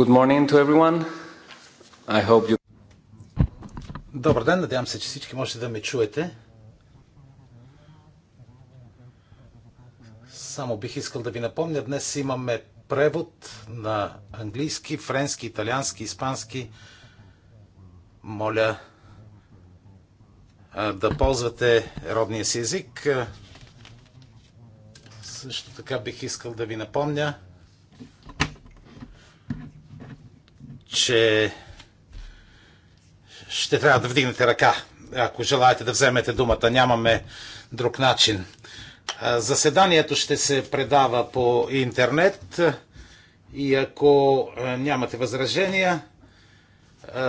Good morning to everyone. I hope you... Добър ден, надявам се, че всички можете да ме чуете. Само бих искал да ви напомня, днес имаме превод на английски, френски, италиански, испански. Моля да ползвате родния си език. Също така бих искал да ви напомня, че ще трябва да вдигнете ръка, ако желаете да вземете думата. Нямаме друг начин. Заседанието ще се предава по интернет и ако нямате възражения,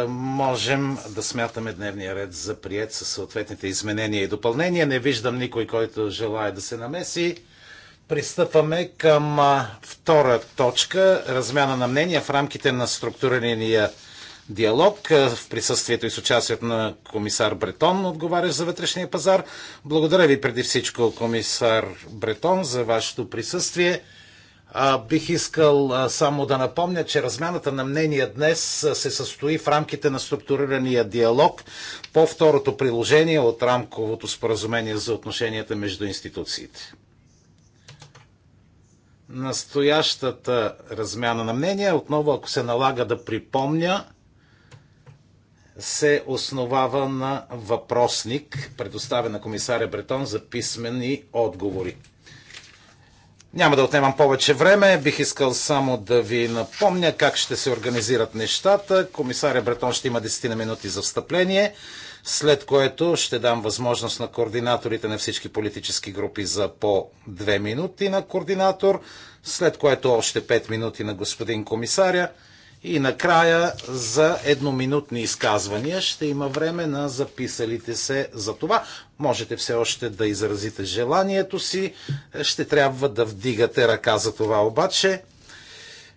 можем да смятаме дневния ред за прият със съответните изменения и допълнения. Не виждам никой, който желая да се намеси. Пристъпваме към втора точка размяна на мнения в рамките на структурирания диалог в присъствието и с участието на комисар Бретон, отговарящ за вътрешния пазар. Благодаря ви преди всичко, комисар Бретон, за вашето присъствие. Бих искал само да напомня, че размяната на мнения днес се състои в рамките на структурирания диалог по второто приложение от рамковото споразумение за отношенията между институциите настоящата размяна на мнения, отново ако се налага да припомня, се основава на въпросник, предоставен на комисаря Бретон за писмени отговори. Няма да отнемам повече време. Бих искал само да ви напомня как ще се организират нещата. Комисаря Бретон ще има 10 на минути за встъпление след което ще дам възможност на координаторите на всички политически групи за по 2 минути на координатор, след което още 5 минути на господин комисаря и накрая за едноминутни изказвания ще има време на записалите се за това. Можете все още да изразите желанието си, ще трябва да вдигате ръка за това обаче.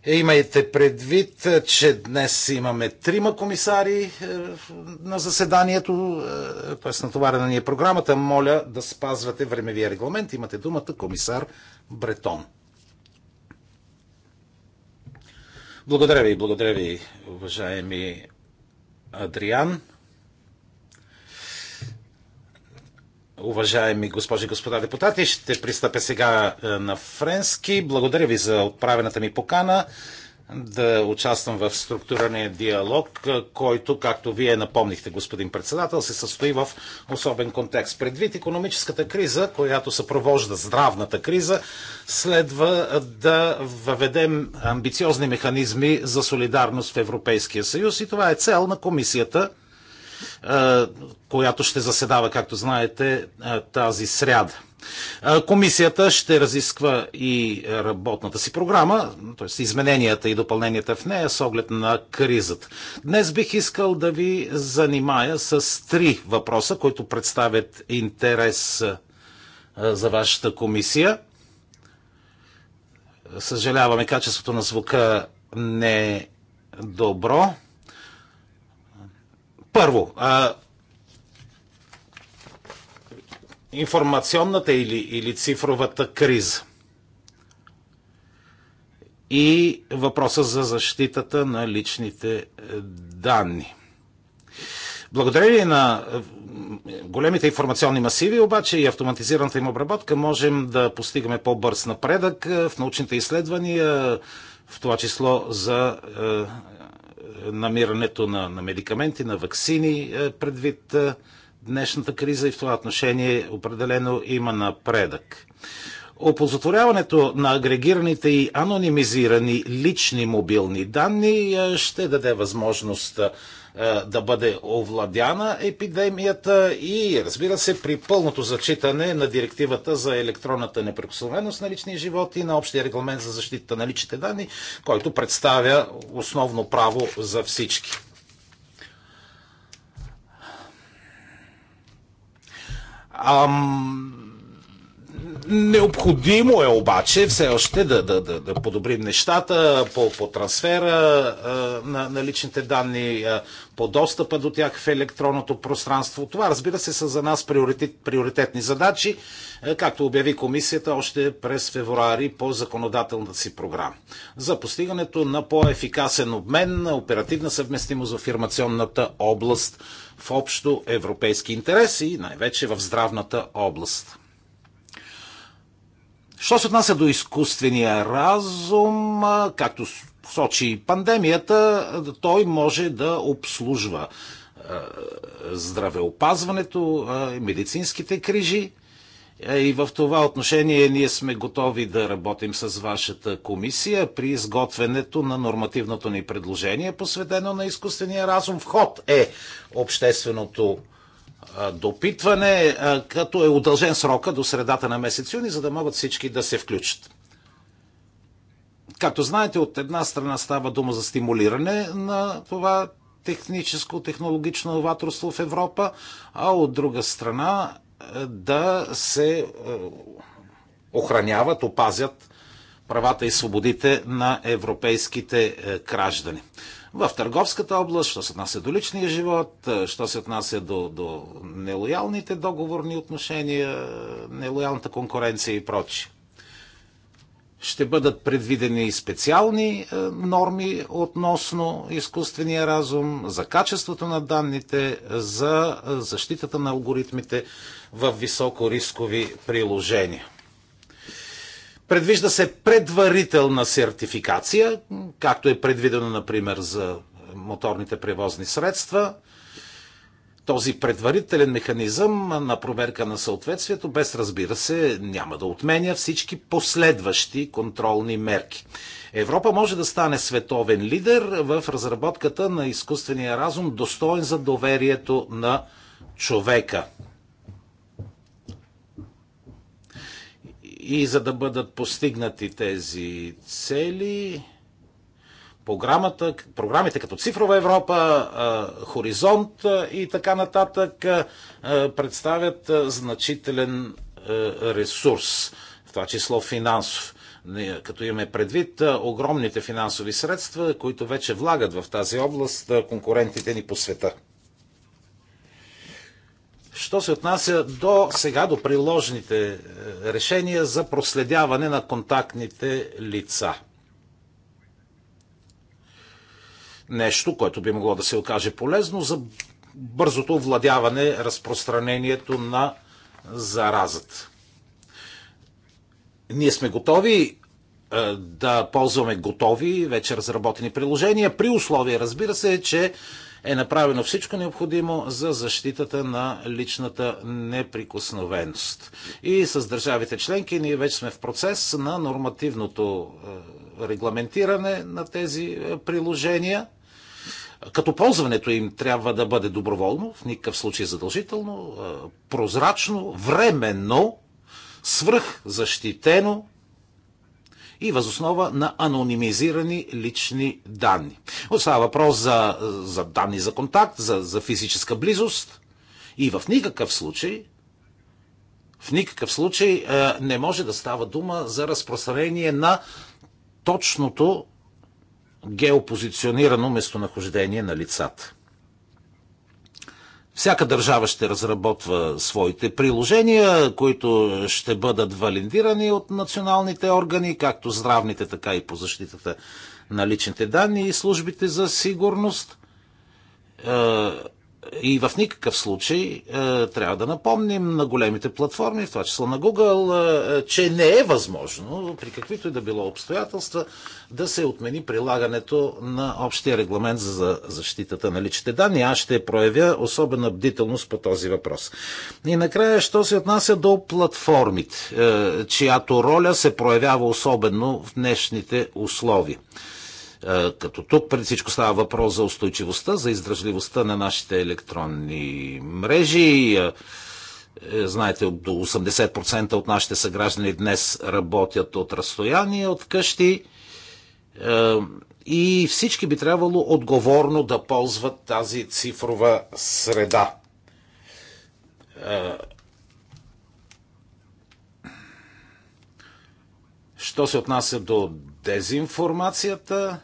Е, имайте предвид, е, че днес имаме трима комисари е, на заседанието, т.е. натоварена ни е програмата. Моля да спазвате времевия регламент. Имате думата комисар Бретон. Благодаря ви, благодаря ви, уважаеми Адриан. Уважаеми госпожи и господа депутати, ще пристъпя сега е, на френски. Благодаря ви за отправената ми покана да участвам в структурния диалог, е, който, както вие напомнихте, господин председател, се състои в особен контекст. Предвид економическата криза, която съпровожда здравната криза, следва да въведем амбициозни механизми за солидарност в Европейския съюз и това е цел на комисията която ще заседава, както знаете, тази сряда. Комисията ще разисква и работната си програма, т.е. измененията и допълненията в нея с оглед на кризата. Днес бих искал да ви занимая с три въпроса, които представят интерес за вашата комисия. Съжаляваме, качеството на звука не е добро. Първо, а, информационната или, или цифровата криза и въпроса за защитата на личните е, данни. Благодарение на е, големите информационни масиви, обаче и автоматизираната им обработка, можем да постигаме по-бърз напредък е, в научните изследвания, в това число за намирането на, на медикаменти, на вакцини е, предвид е, днешната криза и в това отношение определено има напредък. Опозотворяването на агрегираните и анонимизирани лични мобилни данни е, ще даде възможност е, да бъде овладяна епидемията и разбира се при пълното зачитане на директивата за електронната неприкосновеност на личния живот и на общия регламент за защита на личните данни, който представя основно право за всички. Ам, Необходимо е обаче все още да, да, да, да подобрим нещата по, по трансфера а, на, на личните данни, а, по достъпа до тях в електронното пространство. Това, разбира се, са за нас приоритет, приоритетни задачи, а, както обяви комисията още през февруари по законодателната си програма. За постигането на по-ефикасен обмен, на оперативна съвместимост в информационната област в общо европейски интерес и най-вече в здравната област. Що се отнася до изкуствения разум, както сочи пандемията, той може да обслужва здравеопазването, медицинските крижи. И в това отношение ние сме готови да работим с вашата комисия при изготвянето на нормативното ни предложение, посветено на изкуствения разум. Вход е общественото допитване, като е удължен срока до средата на месец юни, за да могат всички да се включат. Както знаете, от една страна става дума за стимулиране на това техническо, технологично новаторство в Европа, а от друга страна да се охраняват, опазят правата и свободите на европейските граждани в търговската област, що се отнася до личния живот, е, що се отнася до, до нелоялните договорни отношения, е, нелоялната конкуренция и прочие. Ще бъдат предвидени и специални е, норми относно изкуствения разум, за качеството на данните, за защитата на алгоритмите в високорискови приложения. Предвижда се предварителна сертификация, както е предвидено, например, за моторните превозни средства. Този предварителен механизъм на проверка на съответствието, без разбира се, няма да отменя всички последващи контролни мерки. Европа може да стане световен лидер в разработката на изкуствения разум, достоен за доверието на човека. И за да бъдат постигнати тези цели, програмата, програмите като Цифрова Европа, Хоризонт и така нататък представят значителен ресурс, в това число финансов. Като имаме предвид огромните финансови средства, които вече влагат в тази област конкурентите ни по света. Що се отнася до сега до приложните е, решения за проследяване на контактните лица. Нещо, което би могло да се окаже полезно за бързото овладяване разпространението на заразата. Ние сме готови е, да ползваме готови, вече разработени приложения, при условие, разбира се, че е направено всичко необходимо за защитата на личната неприкосновеност. И с държавите членки ние вече сме в процес на нормативното е, регламентиране на тези е, приложения като ползването им трябва да бъде доброволно, в никакъв случай задължително, е, прозрачно, временно, свръхзащитено, и възоснова на анонимизирани лични данни. Остава въпрос за, за данни за контакт, за, за физическа близост и в никакъв случай в никакъв случай е, не може да става дума за разпространение на точното геопозиционирано местонахождение на лицата. Всяка държава ще разработва своите приложения, които ще бъдат валидирани от националните органи, както здравните, така и по защитата на личните данни и службите за сигурност. Е, и в никакъв случай е, трябва да напомним на големите платформи, в това число на Google, е, е, че не е възможно при каквито и да било обстоятелства да се отмени прилагането на общия регламент за защитата на личните данни. Аз ще проявя особена бдителност по този въпрос. И накрая, що се отнася до платформите, чиято роля се проявява особено в днешните условия. Е, като тук преди всичко става въпрос за устойчивостта, за издръжливостта на нашите електронни мрежи. Е, е, знаете, до 80% от нашите съграждани днес работят от разстояние, от къщи. И всички би трябвало отговорно да ползват тази цифрова среда. Що се отнася до дезинформацията,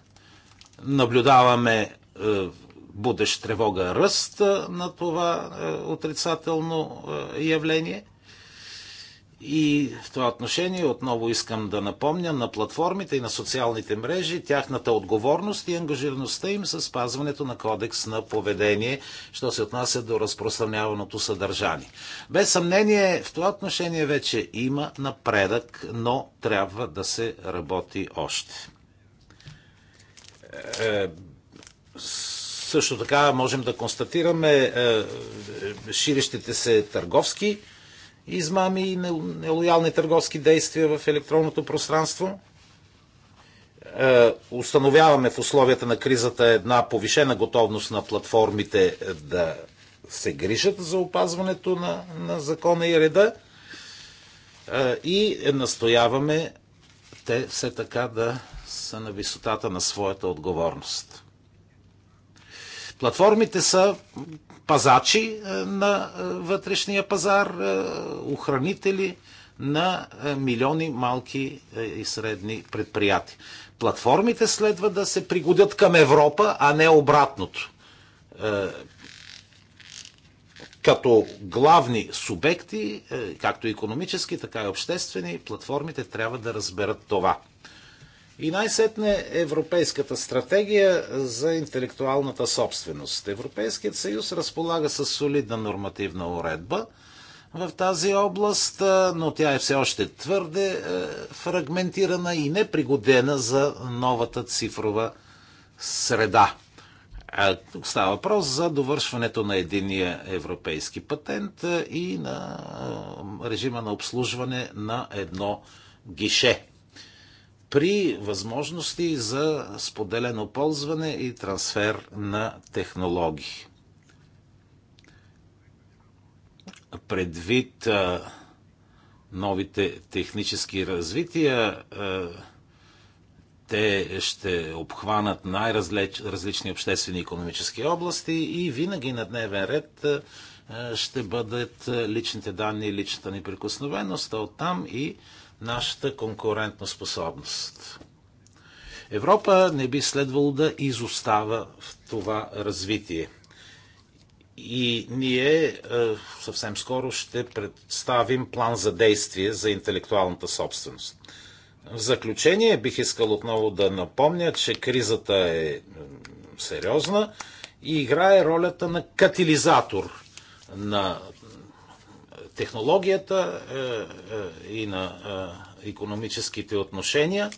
Наблюдаваме е, будещ тревога ръст е, на това е, отрицателно явление. И в това отношение отново искам да напомня на платформите и на социалните мрежи тяхната отговорност и ангажираността им с спазването на кодекс на поведение, що се отнася до разпространяваното съдържание. Без съмнение, в това отношение вече има напредък, но трябва да се работи още. Е, също така можем да констатираме е, ширещите се търговски измами и нелоялни търговски действия в електронното пространство. Е, установяваме в условията на кризата една повишена готовност на платформите да се грижат за опазването на, на закона и реда и настояваме те все така да са на висотата на своята отговорност. Платформите са пазачи е, на е, вътрешния пазар, е, охранители на милиони малки и средни предприятия. Платформите следва да се пригодят към Европа, а не обратното. Като главни субекти, както економически, така и обществени, платформите трябва да разберат това. И най-сетне Европейската стратегия за интелектуалната собственост. Европейският съюз разполага с солидна нормативна уредба в тази област, но тя е все още твърде е, фрагментирана и непригодена за новата цифрова среда. Тук Става въпрос за довършването на единия европейски патент е, и на е, режима на обслужване на едно гише при възможности за споделено ползване и трансфер на технологии. Предвид новите технически развития, те ще обхванат най-различни обществени и економически области и винаги на дневен ред ще бъдат личните данни и личната неприкосновеност, а оттам и нашата конкурентна способност. Европа не би следвало да изостава в това развитие. И ние е, съвсем скоро ще представим план за действие за интелектуалната собственост. В заключение бих искал отново да напомня, че кризата е, е сериозна и играе ролята на катализатор на технологията е, е, и на економическите отношения.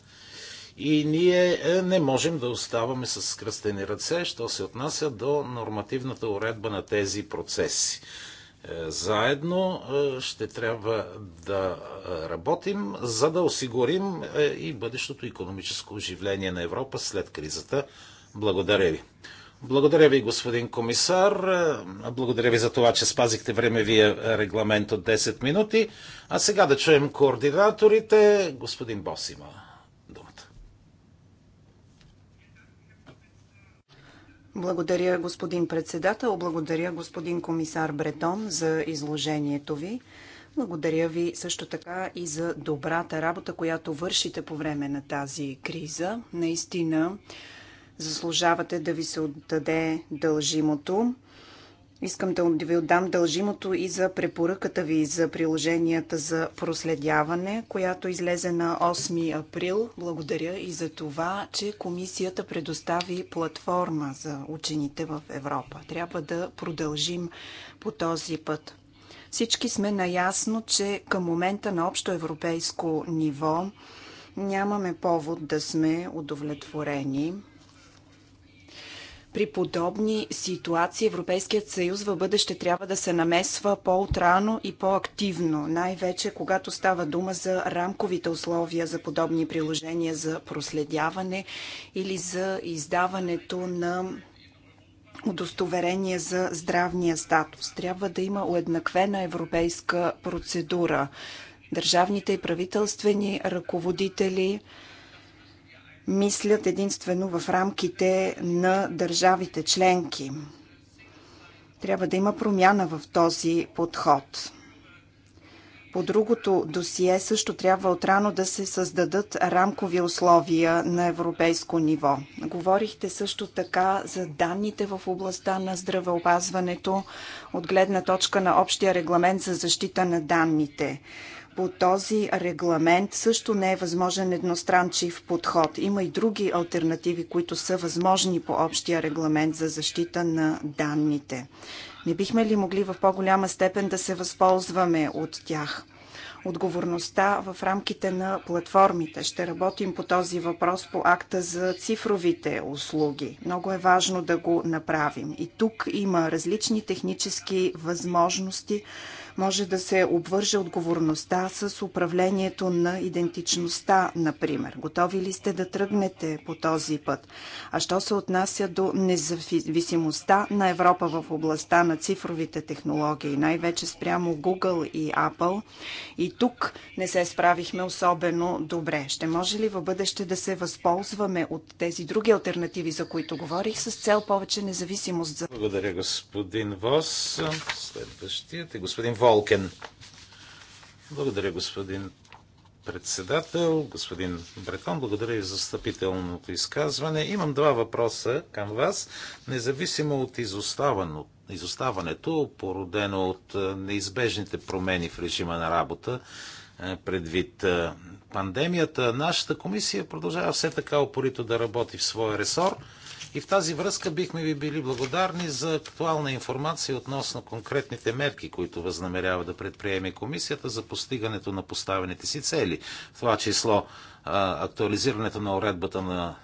И ние е, не можем да оставаме с кръстени ръце, що се отнася до нормативната уредба на тези процеси. Заедно ще трябва да работим, за да осигурим и бъдещото економическо оживление на Европа след кризата. Благодаря ви. Благодаря ви, господин комисар. Благодаря ви за това, че спазихте времевия регламент от 10 минути. А сега да чуем координаторите. Господин Бос има думата. Благодаря, господин председател. Благодаря, господин комисар Бретон, за изложението ви. Благодаря ви също така и за добрата работа, която вършите по време на тази криза. Наистина, заслужавате да ви се отдаде дължимото. Искам да ви отдам дължимото и за препоръката ви за приложенията за проследяване, която излезе на 8 април. Благодаря и за това, че комисията предостави платформа за учените в Европа. Трябва да продължим по този път. Всички сме наясно, че към момента на общо европейско ниво нямаме повод да сме удовлетворени при подобни ситуации Европейският съюз в бъдеще трябва да се намесва по-отрано и по-активно, най-вече когато става дума за рамковите условия за подобни приложения за проследяване или за издаването на удостоверение за здравния статус. Трябва да има уеднаквена европейска процедура. Държавните и правителствени ръководители – мислят единствено в рамките на държавите членки. Трябва да има промяна в този подход. По другото досие също трябва отрано да се създадат рамкови условия на европейско ниво. Говорихте също така за данните в областта на здравеопазването от гледна точка на общия регламент за защита на данните по този регламент също не е възможен едностранчив подход. Има и други альтернативи, които са възможни по общия регламент за защита на данните. Не бихме ли могли в по-голяма степен да се възползваме от тях? Отговорността в рамките на платформите. Ще работим по този въпрос по акта за цифровите услуги. Много е важно да го направим. И тук има различни технически възможности може да се обвърже отговорността с управлението на идентичността, например. Готови ли сте да тръгнете по този път? А що се отнася до независимостта на Европа в областта на цифровите технологии, най-вече спрямо Google и Apple, и тук не се справихме особено добре. Ще може ли в бъдеще да се възползваме от тези други альтернативи, за които говорих, с цел повече независимост за... Благодаря, господин Вос. Следващият е господин Вос. Волкен. Благодаря, господин председател. Господин Бретон, благодаря и за встъпителното изказване. Имам два въпроса към вас. Независимо от изоставането, породено от е, неизбежните промени в режима на работа, е, предвид е, пандемията, нашата комисия продължава все така опорито да работи в своя ресор – и в тази връзка бихме ви били благодарни за актуална информация относно конкретните мерки, които възнамерява да предприеме комисията за постигането на поставените си цели. В това число актуализирането на уредбата на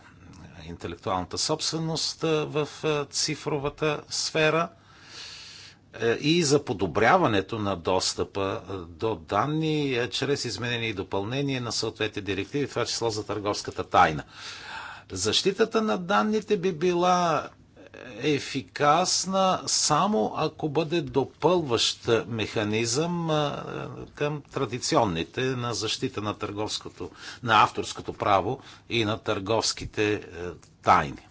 интелектуалната собственост в цифровата сфера е, и за подобряването на достъпа до данни чрез изменение и допълнение на съответните директиви, това число за търговската тайна. Защитата на данните би била ефикасна само ако бъде допълващ механизъм към традиционните на защита на търговското, на авторското право и на търговските е, тайни.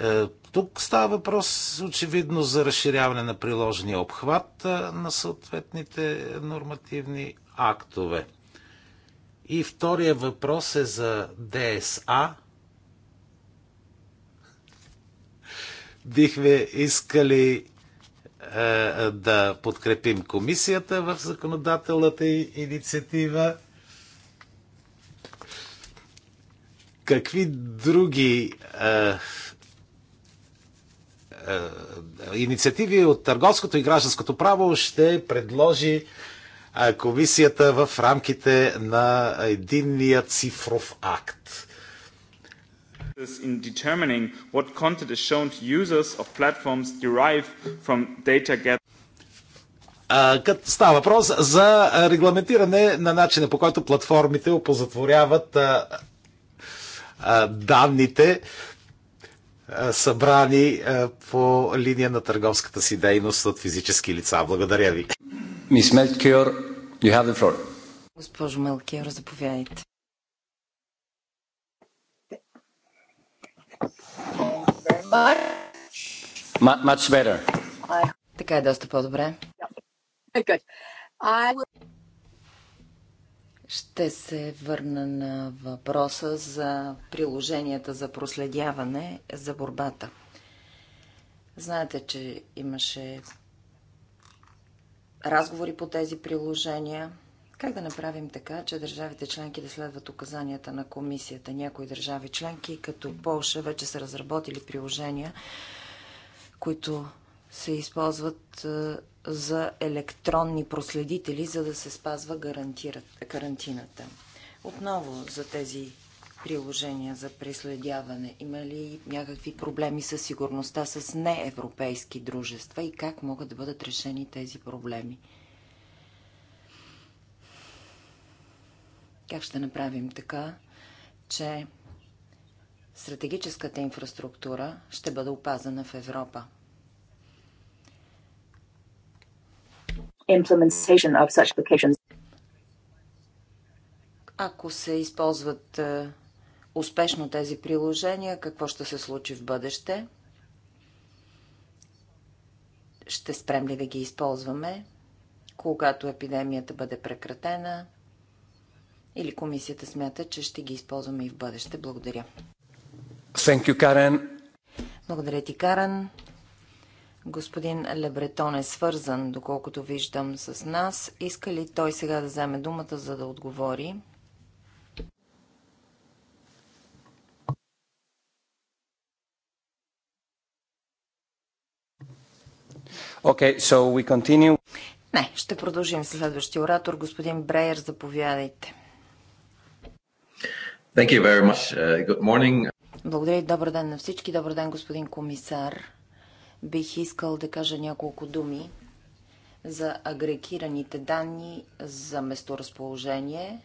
Е, тук става въпрос очевидно за разширяване на приложения обхват е, на съответните нормативни актове. И втория въпрос е за ДСА Бихме искали е, да подкрепим комисията в законодателната инициатива. Какви други е, е, е, инициативи от търговското и гражданското право ще предложи е, комисията в рамките на единния цифров акт in determining what content is shown to users of platforms derived from data gathered. Uh, става въпрос за регламентиране на начина по който платформите опозатворяват uh, uh, данните, а, събрани а, по линия на търговската си дейност от физически лица. Благодаря ви. Мис Мелкиор, you have the floor. Госпожо Мелкиор, заповядайте. But... Much better. I... Така е доста по-добре. Yeah. Е, Will... Ще се върна на въпроса за приложенията за проследяване за борбата. Знаете, че имаше разговори по тези приложения – как да направим така, че държавите членки да следват указанията на комисията? Някои държави членки, като Полша, вече са разработили приложения, които се използват е, за електронни проследители, за да се спазва карантината. Отново за тези приложения за преследяване? Има ли някакви проблеми с сигурността с неевропейски дружества и как могат да бъдат решени тези проблеми? Как ще направим така, че стратегическата инфраструктура ще бъде опазена в Европа? Ако се използват е, успешно тези приложения, какво ще се случи в бъдеще? Ще спрем ли да ги използваме, когато епидемията бъде прекратена? или комисията смята, че ще ги използваме и в бъдеще. Благодаря. Thank you, Karen. Благодаря ти, Карен. Господин Лебретон е свързан, доколкото виждам, с нас. Иска ли той сега да вземе думата, за да отговори? Okay, so we continue. Не, ще продължим с следващия оратор. Господин Бреер, заповядайте. Thank you very much. Uh, good morning. Благодаря и добър ден на всички. Добър ден, господин комисар. Бих искал да кажа няколко думи за агрегираните данни за месторазположение,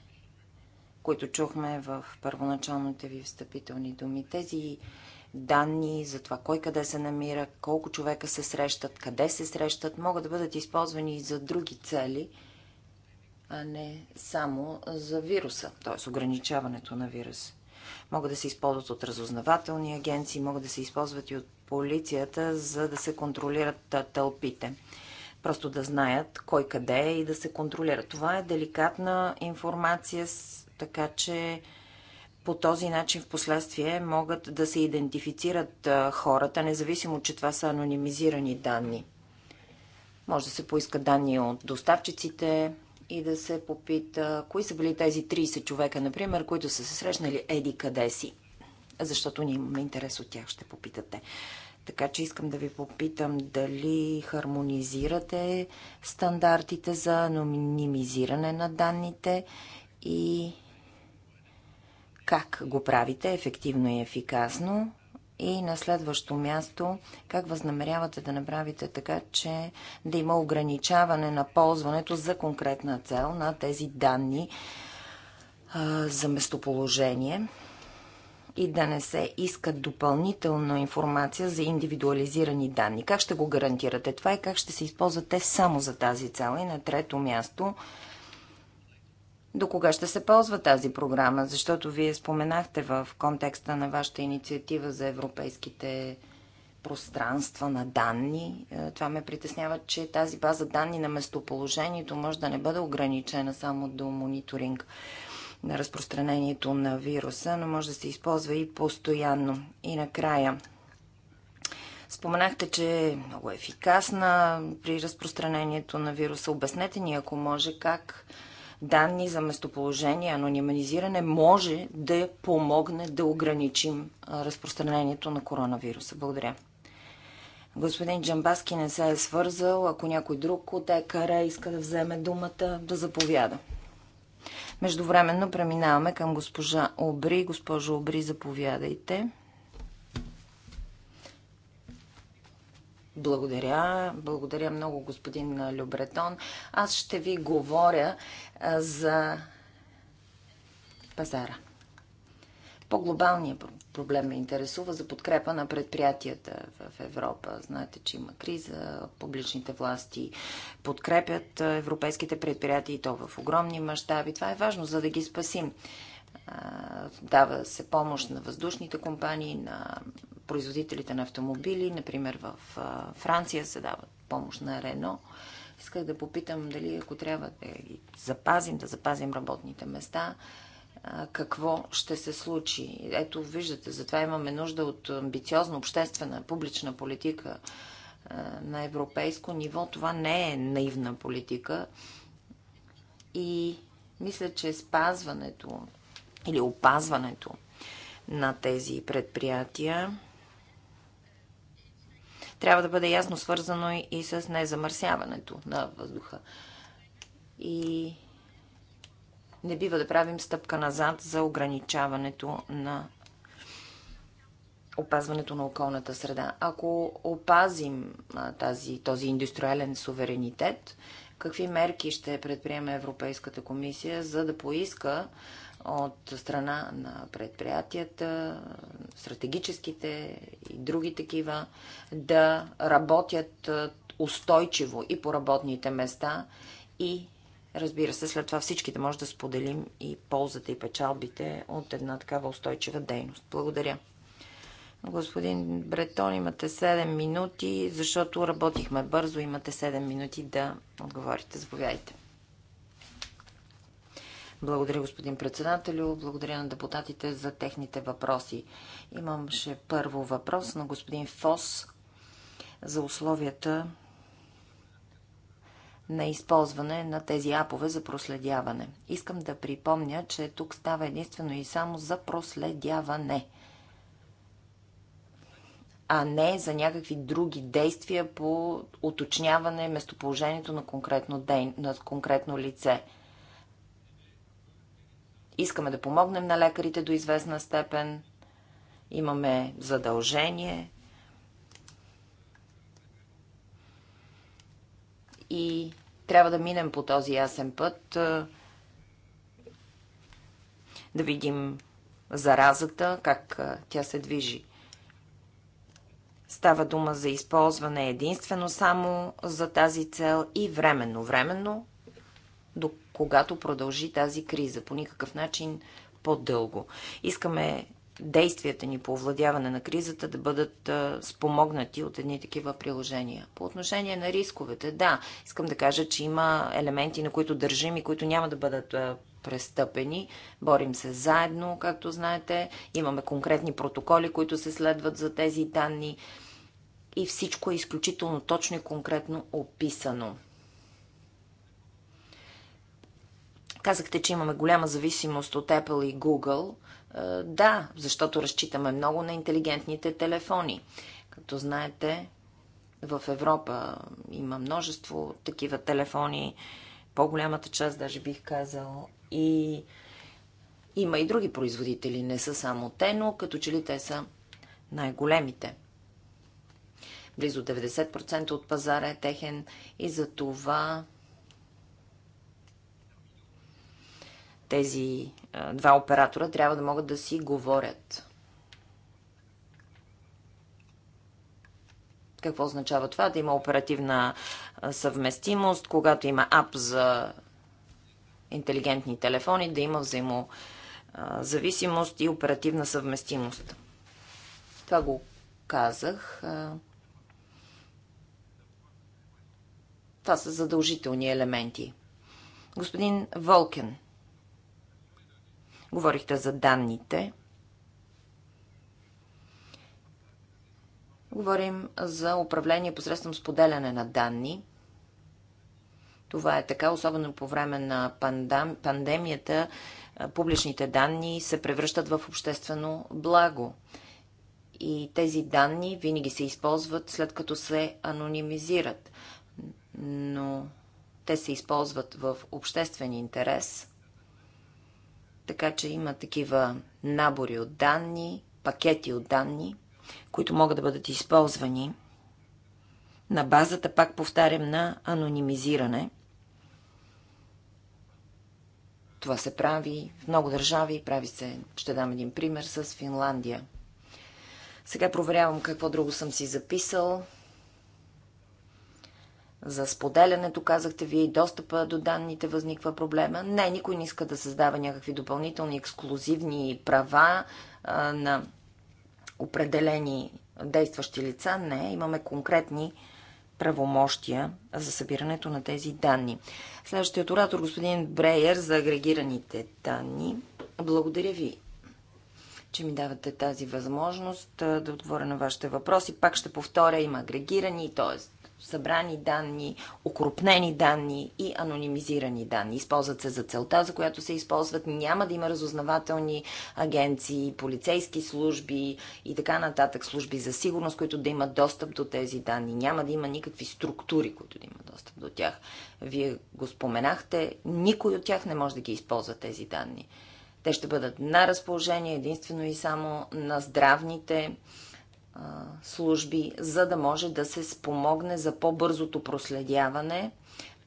които чухме в първоначалните ви встъпителни думи. Тези данни за това кой къде се намира, колко човека се срещат, къде се срещат, могат да бъдат използвани и за други цели – а не само за вируса, т.е. ограничаването на вируса. Могат да се използват от разузнавателни агенции, могат да се използват и от полицията, за да се контролират тълпите. Просто да знаят кой къде е и да се контролира. Това е деликатна информация, така че по този начин в последствие могат да се идентифицират хората, независимо, че това са анонимизирани данни. Може да се поиска данни от доставчиците, и да се попита кои са били тези 30 човека, например, които са се срещнали еди къде си. Защото ние имаме интерес от тях, ще попитате. Така че искам да ви попитам дали хармонизирате стандартите за анонимизиране на данните и как го правите ефективно и ефикасно и на следващо място, как възнамерявате да направите така, че да има ограничаване на ползването за конкретна цел на тези данни а, за местоположение и да не се иска допълнителна информация за индивидуализирани данни? Как ще го гарантирате това и как ще се използвате само за тази цел? И на трето място, до кога ще се ползва тази програма, защото вие споменахте в контекста на вашата инициатива за европейските пространства на данни. Е, това ме притеснява, че тази база данни на местоположението може да не бъде ограничена само до мониторинг на разпространението на вируса, но може да се използва и постоянно. И накрая, Споменахте, че е много ефикасна при разпространението на вируса. Обяснете ни, ако може, как данни за местоположение, анонимизиране може да помогне да ограничим разпространението на коронавируса. Благодаря. Господин Джамбаски не се е свързал. Ако някой друг от ЕКР иска да вземе думата, да заповяда. Междувременно преминаваме към госпожа Обри. Госпожо Обри, заповядайте. Благодаря. Благодаря много, господин Любретон. Аз ще ви говоря за пазара. По-глобалният проблем ме интересува за подкрепа на предприятията в Европа. Знаете, че има криза, публичните власти подкрепят европейските предприятия и то в огромни мащаби. Това е важно, за да ги спасим. Дава се помощ на въздушните компании, на производителите на автомобили. Например, в Франция се дават помощ на Рено. Исках да попитам дали ако трябва да ги запазим, да запазим работните места, какво ще се случи. Ето, виждате, затова имаме нужда от амбициозна обществена, публична политика на европейско ниво. Това не е наивна политика. И мисля, че спазването или опазването на тези предприятия трябва да бъде ясно свързано и с незамърсяването на въздуха. И не бива да правим стъпка назад за ограничаването на опазването на околната среда. Ако опазим тази, този индустриален суверенитет, какви мерки ще предприеме Европейската комисия, за да поиска от страна на предприятията, стратегическите и други такива, да работят устойчиво и по работните места и Разбира се, след това всичките може да споделим и ползата и печалбите от една такава устойчива дейност. Благодаря. Господин Бретон, имате 7 минути, защото работихме бързо. Имате 7 минути да отговорите. Заповядайте. Благодаря, господин председателю. Благодаря на депутатите за техните въпроси. Имамше първо въпрос на господин Фос за условията на използване на тези апове за проследяване. Искам да припомня, че тук става единствено и само за проследяване, а не за някакви други действия по уточняване местоположението на конкретно, ден, на конкретно лице. Искаме да помогнем на лекарите до известна степен. Имаме задължение. И трябва да минем по този ясен път, да видим заразата, как тя се движи. Става дума за използване единствено само за тази цел и временно. Временно, когато продължи тази криза. По никакъв начин по-дълго. Искаме действията ни по овладяване на кризата да бъдат а, спомогнати от едни такива приложения. По отношение на рисковете, да, искам да кажа, че има елементи, на които държим и които няма да бъдат а, престъпени. Борим се заедно, както знаете. Имаме конкретни протоколи, които се следват за тези данни. И всичко е изключително точно и конкретно описано. Казахте, че имаме голяма зависимост от Apple и Google. Е, да, защото разчитаме много на интелигентните телефони. Като знаете, в Европа има множество такива телефони, по-голямата част даже бих казал. И има и други производители, не са само те, но като че ли те са най-големите. Близо 90% от пазара е техен и за това тези два оператора трябва да могат да си говорят. Какво означава това? Да има оперативна съвместимост, когато има ап за интелигентни телефони, да има взаимозависимост и оперативна съвместимост. Това го казах. Това са задължителни елементи. Господин Волкен – Говорихте за данните. Говорим за управление посредством споделяне на данни. Това е така, особено по време на пандемията. Публичните данни се превръщат в обществено благо. И тези данни винаги се използват след като се анонимизират. Но те се използват в обществен интерес – така че има такива набори от данни, пакети от данни, които могат да бъдат използвани на базата, пак повтарям, на анонимизиране. Това се прави в много държави. Прави се, ще дам един пример, с Финландия. Сега проверявам какво друго съм си записал за споделянето, казахте вие, и достъпа до данните възниква проблема. Не, никой не иска да създава някакви допълнителни ексклюзивни права а, на определени действащи лица. Не, имаме конкретни правомощия за събирането на тези данни. Следващият оратор, господин Бреер, за агрегираните данни. Благодаря ви, че ми давате тази възможност да отговоря на вашите въпроси. Пак ще повторя, има агрегирани, т.е събрани данни, окрупнени данни и анонимизирани данни. Използват се за целта, за която се използват. Няма да има разузнавателни агенции, полицейски служби и така нататък служби за сигурност, които да имат достъп до тези данни. Няма да има никакви структури, които да имат достъп до тях. Вие го споменахте, никой от тях не може да ги използва тези данни. Те ще бъдат на разположение единствено и само на здравните служби, за да може да се спомогне за по-бързото проследяване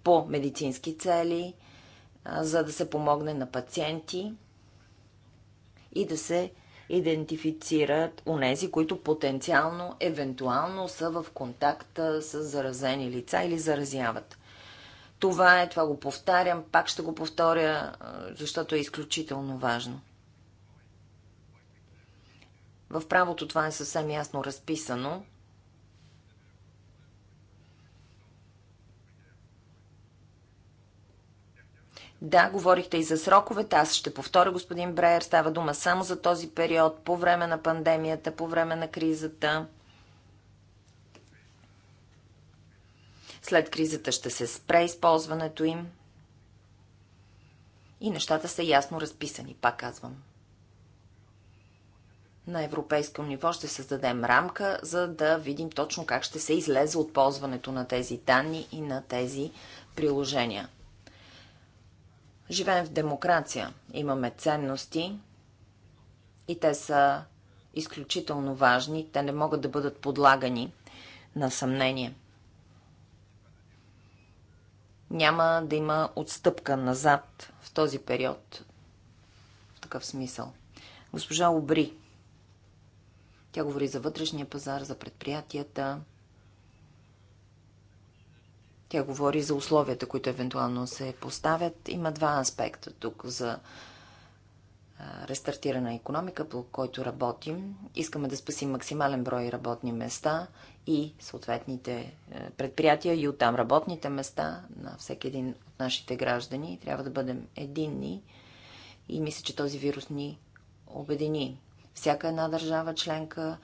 по медицински цели, за да се помогне на пациенти и да се идентифицират онези, които потенциално, евентуално са в контакт с заразени лица или заразяват. Това е, това го повтарям, пак ще го повторя, защото е изключително важно. В правото това е съвсем ясно разписано. Да, говорихте и за сроковете. Аз ще повторя, господин Бреер, става дума само за този период, по време на пандемията, по време на кризата. След кризата ще се спре използването им. И нещата са ясно разписани, пак казвам на европейско ниво ще създадем рамка, за да видим точно как ще се излезе от ползването на тези данни и на тези приложения. Живеем в демокрация. Имаме ценности и те са изключително важни. Те не могат да бъдат подлагани на съмнение. Няма да има отстъпка назад в този период. В такъв смисъл. Госпожа Обри тя говори за вътрешния пазар, за предприятията. Тя говори за условията, които евентуално се поставят. Има два аспекта тук за рестартирана економика, по който работим. Искаме да спасим максимален брой работни места и съответните е, предприятия и оттам работните места на всеки един от нашите граждани. Трябва да бъдем единни и мисля, че този вирус ни обедини. Всяка една държава членка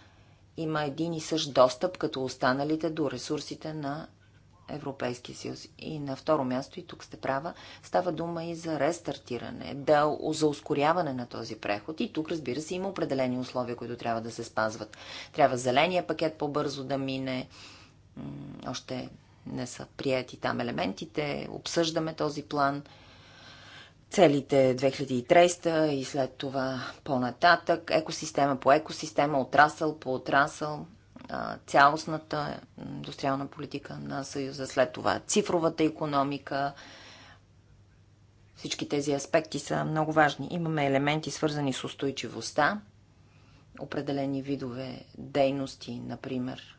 има един и същ достъп, като останалите, до ресурсите на Европейския съюз. И на второ място, и тук сте права, става дума и за рестартиране, да, за ускоряване на този преход. И тук, разбира се, има определени условия, които трябва да се спазват. Трябва зеления пакет по-бързо да мине, още не са прияти там елементите, обсъждаме този план – целите 2030 и след това по-нататък, екосистема по екосистема, отрасъл по отрасъл, цялостната индустриална политика на Съюза, след това цифровата економика. Всички тези аспекти са много важни. Имаме елементи, свързани с устойчивостта, определени видове дейности, например,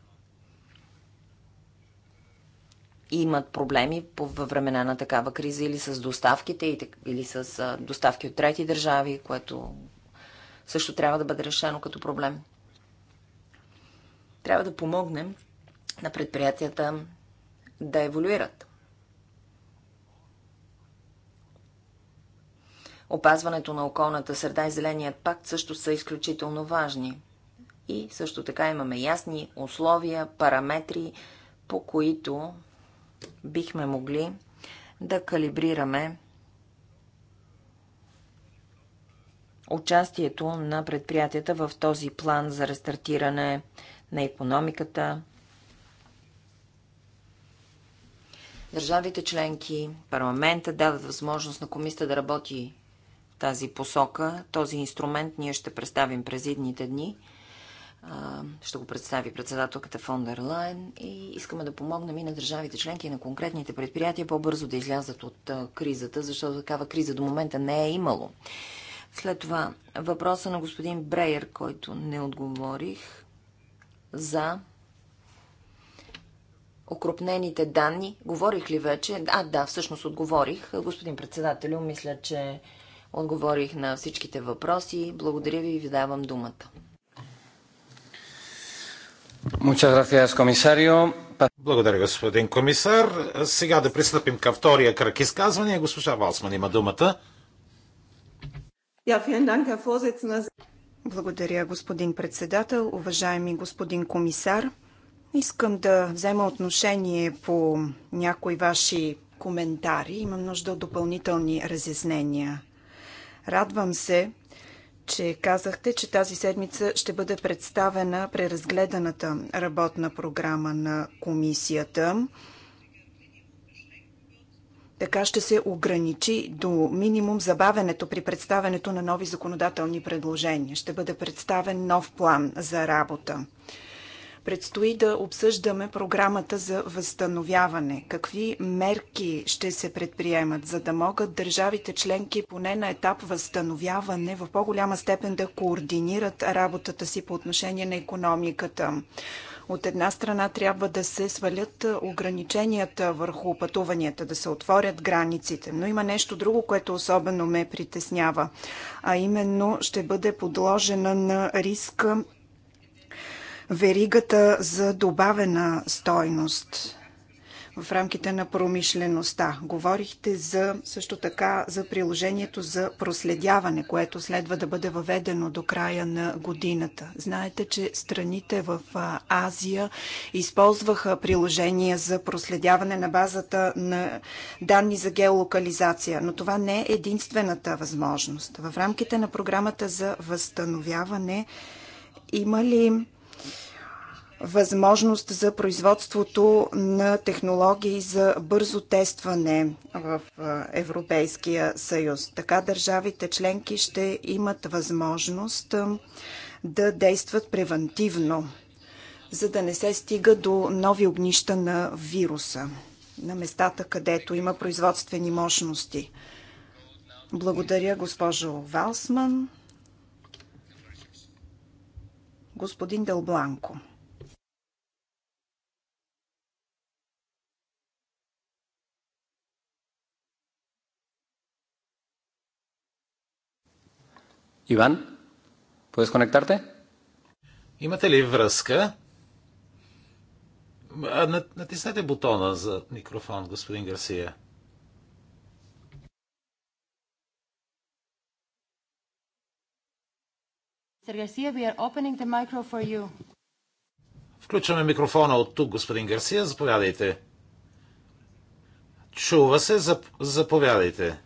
имат проблеми по, във времена на такава криза или с доставките, или с доставки от трети държави, което също трябва да бъде решено като проблем. Трябва да помогнем на предприятията да еволюират. Опазването на околната среда и зеленият пакт също са изключително важни. И също така имаме ясни условия, параметри, по които бихме могли да калибрираме участието на предприятията в този план за рестартиране на економиката. Държавите членки, парламента дават възможност на комисията да работи в тази посока. Този инструмент ние ще представим през идните дни – ще го представи председателката фон дер Лайн и искаме да помогнем и на държавите членки и на конкретните предприятия по-бързо да излязат от кризата, защото такава криза до момента не е имало. След това въпроса на господин Брейер, който не отговорих за окрупнените данни. Говорих ли вече? А, да, всъщност отговорих. Господин председател, мисля, че отговорих на всичките въпроси. Благодаря ви и ви давам думата. Благодаря, господин комисар. Сега да пристъпим към втория кръг изказвания. Госпожа Валсман има думата. Благодаря, господин председател, уважаеми господин комисар. Искам да взема отношение по някои ваши коментари. Имам нужда от допълнителни разяснения. Радвам се, че казахте, че тази седмица ще бъде представена преразгледаната работна програма на комисията. Така ще се ограничи до минимум забавенето при представенето на нови законодателни предложения. Ще бъде представен нов план за работа. Предстои да обсъждаме програмата за възстановяване. Какви мерки ще се предприемат, за да могат държавите членки поне на етап възстановяване в по-голяма степен да координират работата си по отношение на економиката? От една страна трябва да се свалят ограниченията върху пътуванията, да се отворят границите. Но има нещо друго, което особено ме притеснява, а именно ще бъде подложена на риска веригата за добавена стойност в рамките на промишлеността. Говорихте за, също така за приложението за проследяване, което следва да бъде въведено до края на годината. Знаете, че страните в Азия използваха приложения за проследяване на базата на данни за геолокализация, но това не е единствената възможност. В рамките на програмата за възстановяване има ли възможност за производството на технологии за бързо тестване в Европейския съюз. Така държавите членки ще имат възможност да действат превентивно, за да не се стига до нови огнища на вируса на местата, където има производствени мощности. Благодаря, госпожо Валсман. Господин Делбланко. Иван, puedes conectarte? Имате ли връзка? Натиснете бутона за микрофон, господин Гарсия. Гарсия, Включваме микрофона от тук, господин Гарсия. Заповядайте. Чува се, заповядайте.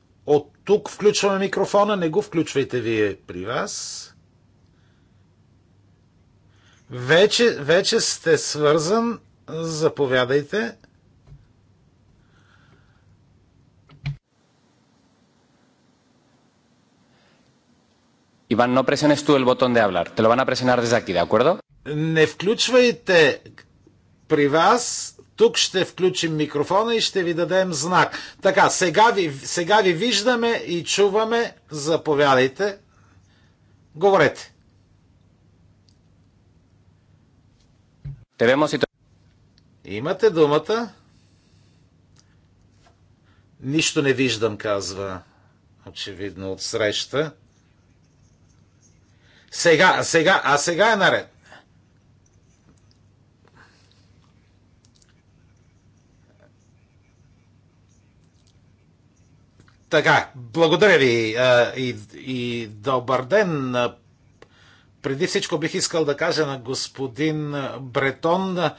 От тук включваме микрофона, не го включвайте вие при вас. Вече, вече сте свързан, заповядайте. Иван, no presiones tú el botón de hablar. Te lo van a presionar desde aquí, ¿de acuerdo? Не включвайте при вас тук ще включим микрофона и ще ви дадем знак. Така, сега ви, сега ви виждаме и чуваме. Заповядайте. Говорете. Имате думата. Нищо не виждам, казва очевидно от среща. Сега, сега, а сега е наред. Така, благодаря ви и, и добър ден. Преди всичко бих искал да кажа на господин Бретон,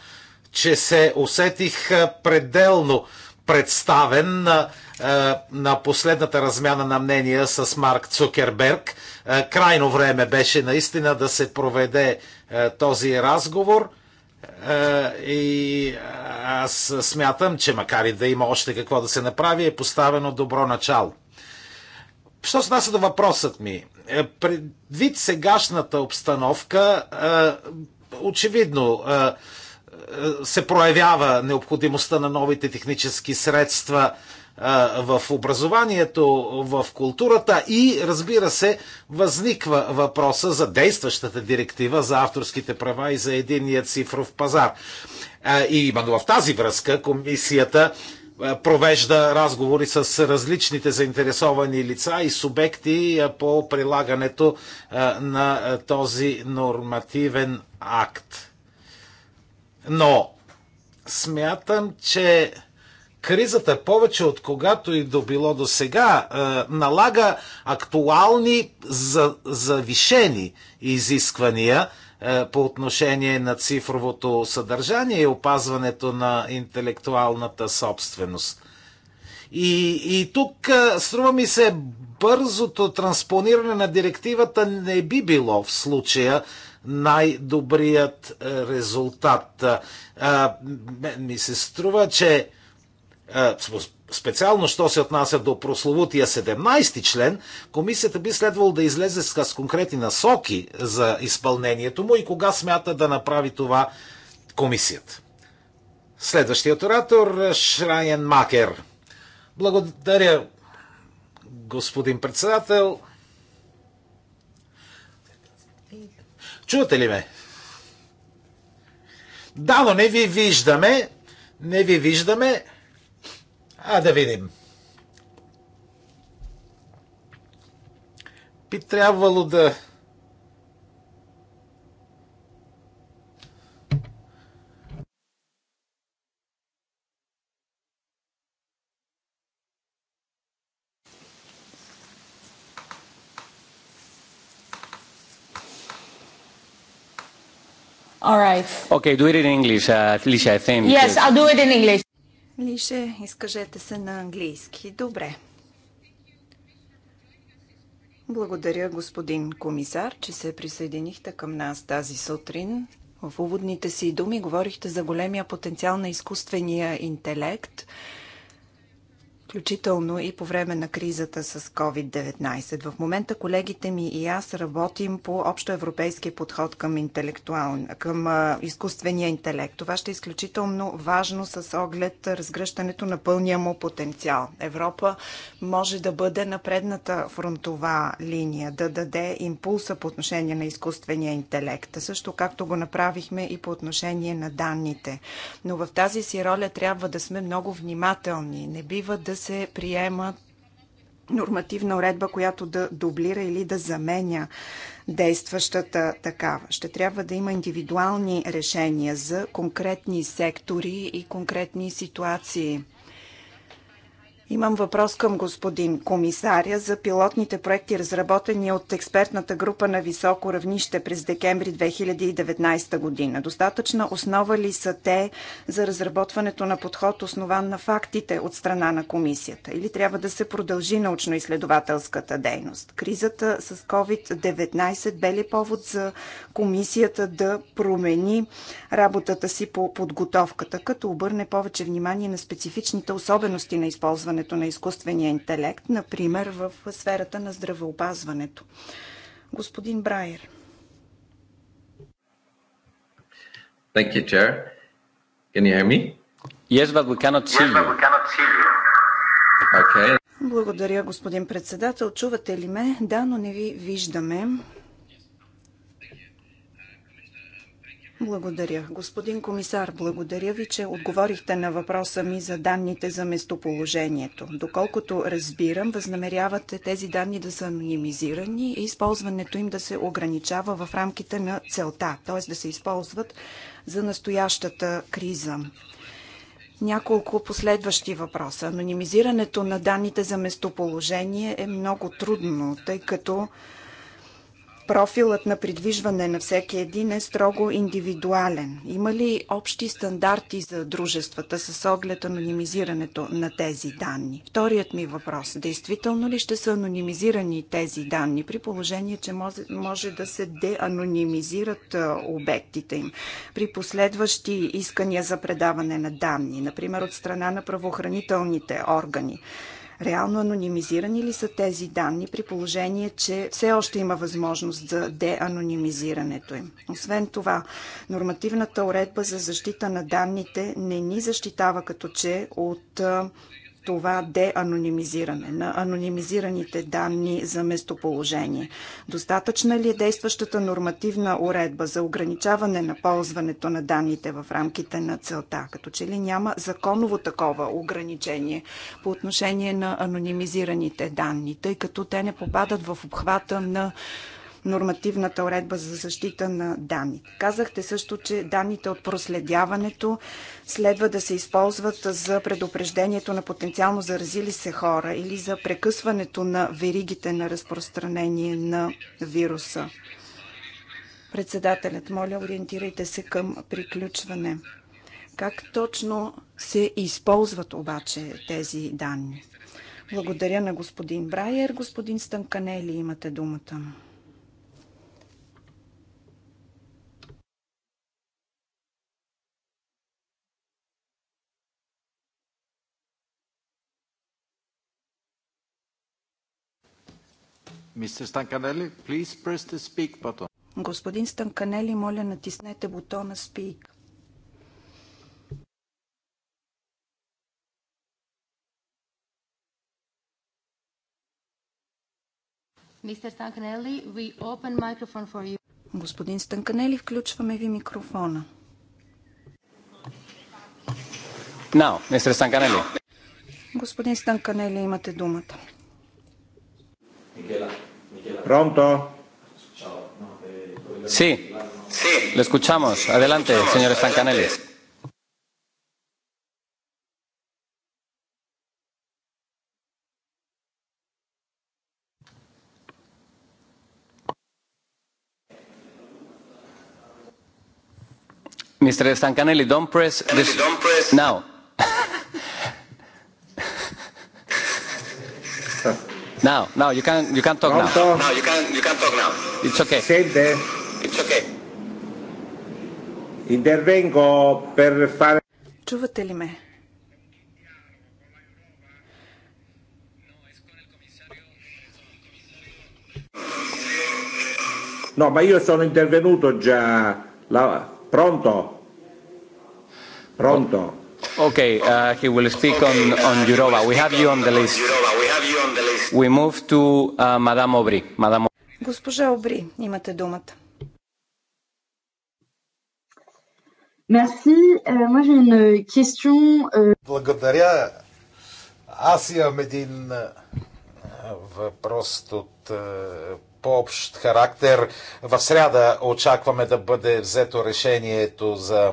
че се усетих пределно представен а, на последната размяна на мнения с Марк Цукерберг. Крайно време беше наистина да се проведе този разговор – е, и аз смятам, че макар и да има още какво да се направи, е поставено добро начало. Що се нася до въпросът ми? Е, предвид сегашната обстановка, е, очевидно се проявява необходимостта на новите технически средства – в образованието, в културата и, разбира се, възниква въпроса за действащата директива за авторските права и за единия цифров пазар. И именно в тази връзка комисията провежда разговори с различните заинтересовани лица и субекти по прилагането на този нормативен акт. Но смятам, че кризата повече от когато и до било до сега налага актуални завишени изисквания по отношение на цифровото съдържание и опазването на интелектуалната собственост. И, и тук струва ми се бързото транспониране на директивата не би било в случая най-добрият резултат. ми се струва, че е, специално, що се отнася до прословутия 17-ти член, комисията би следвало да излезе с конкретни насоки за изпълнението му и кога смята да направи това комисията. Следващият оратор е, Шрайен Макер. Благодаря, господин председател. Чувате ли ме? Да, но не ви виждаме. Не ви виждаме. А да видим. Би трябвало да All right. Okay, do it in English, uh, Alicia, I think. Yes, I'll do it in English. Лише, изкажете се на английски. Добре. Благодаря, господин комисар, че се присъединихте към нас тази сутрин. В уводните си думи говорихте за големия потенциал на изкуствения интелект – включително и по време на кризата с COVID-19. В момента колегите ми и аз работим по общоевропейски подход към, интелектуал... към изкуствения интелект. Това ще е изключително важно с оглед разгръщането на пълния му потенциал. Европа може да бъде напредната фронтова линия, да даде импулса по отношение на изкуствения интелект, също както го направихме и по отношение на данните. Но в тази си роля трябва да сме много внимателни. Не бива да се приема нормативна уредба, която да дублира или да заменя действащата такава. Ще трябва да има индивидуални решения за конкретни сектори и конкретни ситуации. Имам въпрос към господин комисаря за пилотните проекти, разработени от експертната група на високо равнище през декември 2019 година. Достатъчна основа ли са те за разработването на подход, основан на фактите от страна на комисията? Или трябва да се продължи научно-изследователската дейност? Кризата с COVID-19 бе ли повод за комисията да промени работата си по подготовката, като обърне повече внимание на специфичните особености на използването използването на изкуствения интелект, например в сферата на здравеопазването. Господин Брайер. Thank you, Chair. Can you hear me? Yes, but we cannot see you. Okay. Благодаря, господин председател. Чувате ли ме? Да, но не ви виждаме. Благодаря. Господин комисар, благодаря ви, че отговорихте на въпроса ми за данните за местоположението. Доколкото разбирам, възнамерявате тези данни да са анонимизирани и използването им да се ограничава в рамките на целта, т.е. да се използват за настоящата криза. Няколко последващи въпроса. Анонимизирането на данните за местоположение е много трудно, тъй като профилът на придвижване на всеки един е строго индивидуален. Има ли общи стандарти за дружествата с оглед анонимизирането на тези данни? Вторият ми въпрос. Действително ли ще са анонимизирани тези данни при положение, че може, може да се деанонимизират обектите им при последващи искания за предаване на данни, например от страна на правоохранителните органи? Реално анонимизирани ли са тези данни при положение, че все още има възможност за деанонимизирането им? Освен това, нормативната уредба за защита на данните не ни защитава като че от това деанонимизиране на анонимизираните данни за местоположение? Достатъчна ли е действащата нормативна уредба за ограничаване на ползването на данните в рамките на целта? Като че ли няма законово такова ограничение по отношение на анонимизираните данни, тъй като те не попадат в обхвата на нормативната уредба за защита на данни. Казахте също, че данните от проследяването следва да се използват за предупреждението на потенциално заразили се хора или за прекъсването на веригите на разпространение на вируса. Председателят, моля, ориентирайте се към приключване. Как точно се използват обаче тези данни? Благодаря на господин Брайер. Господин Станканели, имате думата. Господин Станканели, моля натиснете бутона Speak. Господин Станканели, включваме ви микрофона. Now, Господин Станканели, имате думата. Michela. Michela. Pronto. Sí, sí, le escuchamos. Adelante, señor Stancaneles. Mr. Stancanelli, don't press this now. Now, now you can you can talk now. now. you can you can talk now. It's okay. Sente? It's okay. Intervengo per fare Чувате ли ме? No, ma io sono intervenuto già. La... Pronto? Pronto? Okay, uh, he will speak on, on Europa. We have you on the list. We move to uh, Madame Aubry. Madame... Госпожа Обри, имате думата. Merci. Euh, moi, une question. Euh, Благодаря. Аз имам един въпрос от по-общ характер. В среда очакваме да бъде взето решението за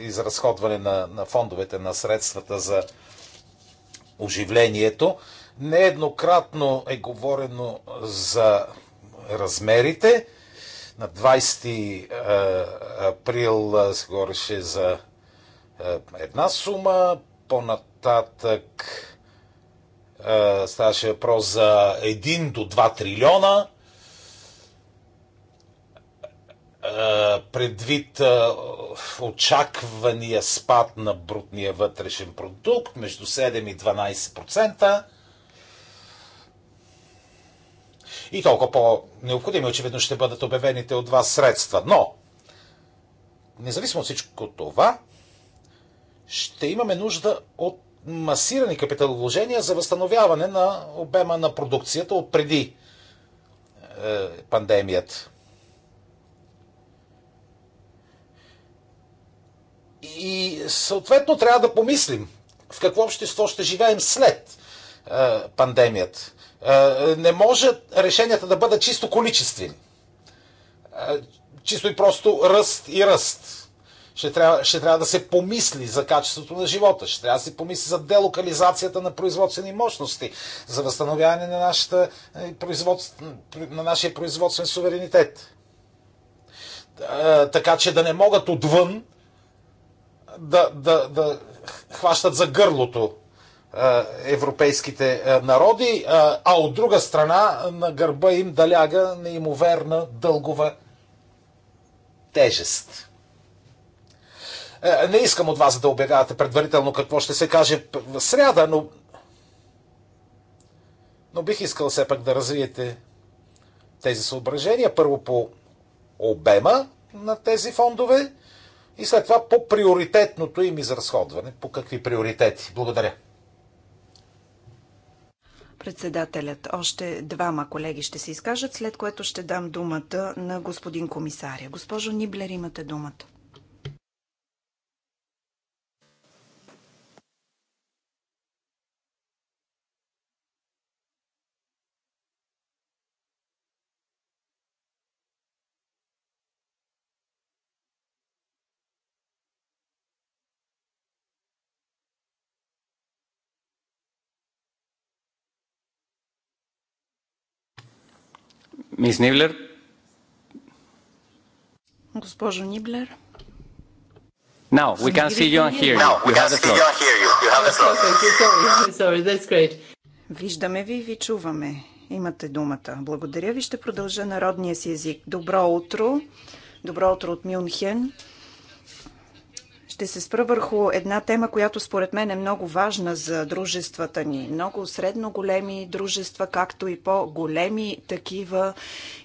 изразходване на, на фондовете, на средствата за оживлението. Нееднократно е говорено за размерите. На 20 е, април е, се говореше за е, една сума, по-нататък ставаше въпрос за 1 до 2 трилиона. Предвид очаквания спад на брутния вътрешен продукт между 7 и 12%, И толкова по-необходими очевидно ще бъдат обявените от вас средства. Но, независимо от всичко това, ще имаме нужда от масирани капиталовложения за възстановяване на обема на продукцията от преди е, пандемията. И съответно трябва да помислим в какво общество ще живеем след е, пандемията. Не може решенията да бъдат чисто количествени. Чисто и просто ръст и ръст. Ще трябва, ще трябва да се помисли за качеството на живота, ще трябва да се помисли за делокализацията на производствени мощности, за възстановяване на, нашата, е, на нашия производствен суверенитет. Така че да не могат отвън да, да, да хващат за гърлото европейските народи, а от друга страна на гърба им даляга неимоверна дългова тежест. Е, не искам от вас да обявявате предварително какво ще се каже в сряда, но, но бих искал все пак да развиете тези съображения. Първо по обема на тези фондове и след това по приоритетното им изразходване. По какви приоритети? Благодаря. Председателят, още двама колеги ще се изкажат, след което ще дам думата на господин комисаря. Госпожо Ниблер, имате думата. Мис Ниблер. Госпожо Ниблер. Now, we can see you and hear you. Now, we can see you you. have the floor. Sorry, sorry, that's great. Виждаме ви, ви чуваме. Имате думата. Благодаря ви. Ще продължа народния си език. Добро утро. Добро утро от Мюнхен. Ще се спра върху една тема, която според мен е много важна за дружествата ни. Много средно големи дружества, както и по-големи такива,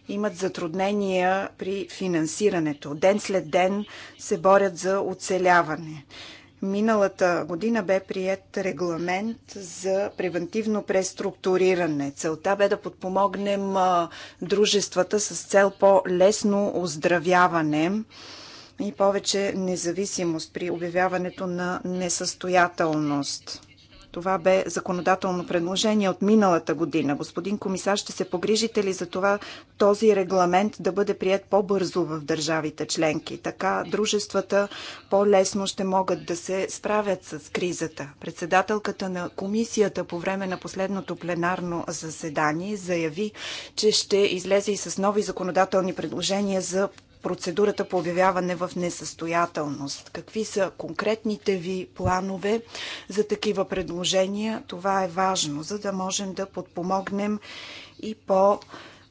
имат затруднения при финансирането. Ден след ден се борят за оцеляване. Миналата година бе прият регламент за превентивно преструктуриране. Целта бе да подпомогнем дружествата с цел по-лесно оздравяване и повече независимост при обявяването на несъстоятелност. Това бе законодателно предложение от миналата година. Господин комисар, ще се погрижите ли за това този регламент да бъде прият по-бързо в държавите членки? Така дружествата по-лесно ще могат да се справят с кризата. Председателката на комисията по време на последното пленарно заседание заяви, че ще излезе и с нови законодателни предложения за процедурата по обявяване в несъстоятелност. Какви са конкретните ви планове за такива предложения? Това е важно, за да можем да подпомогнем и по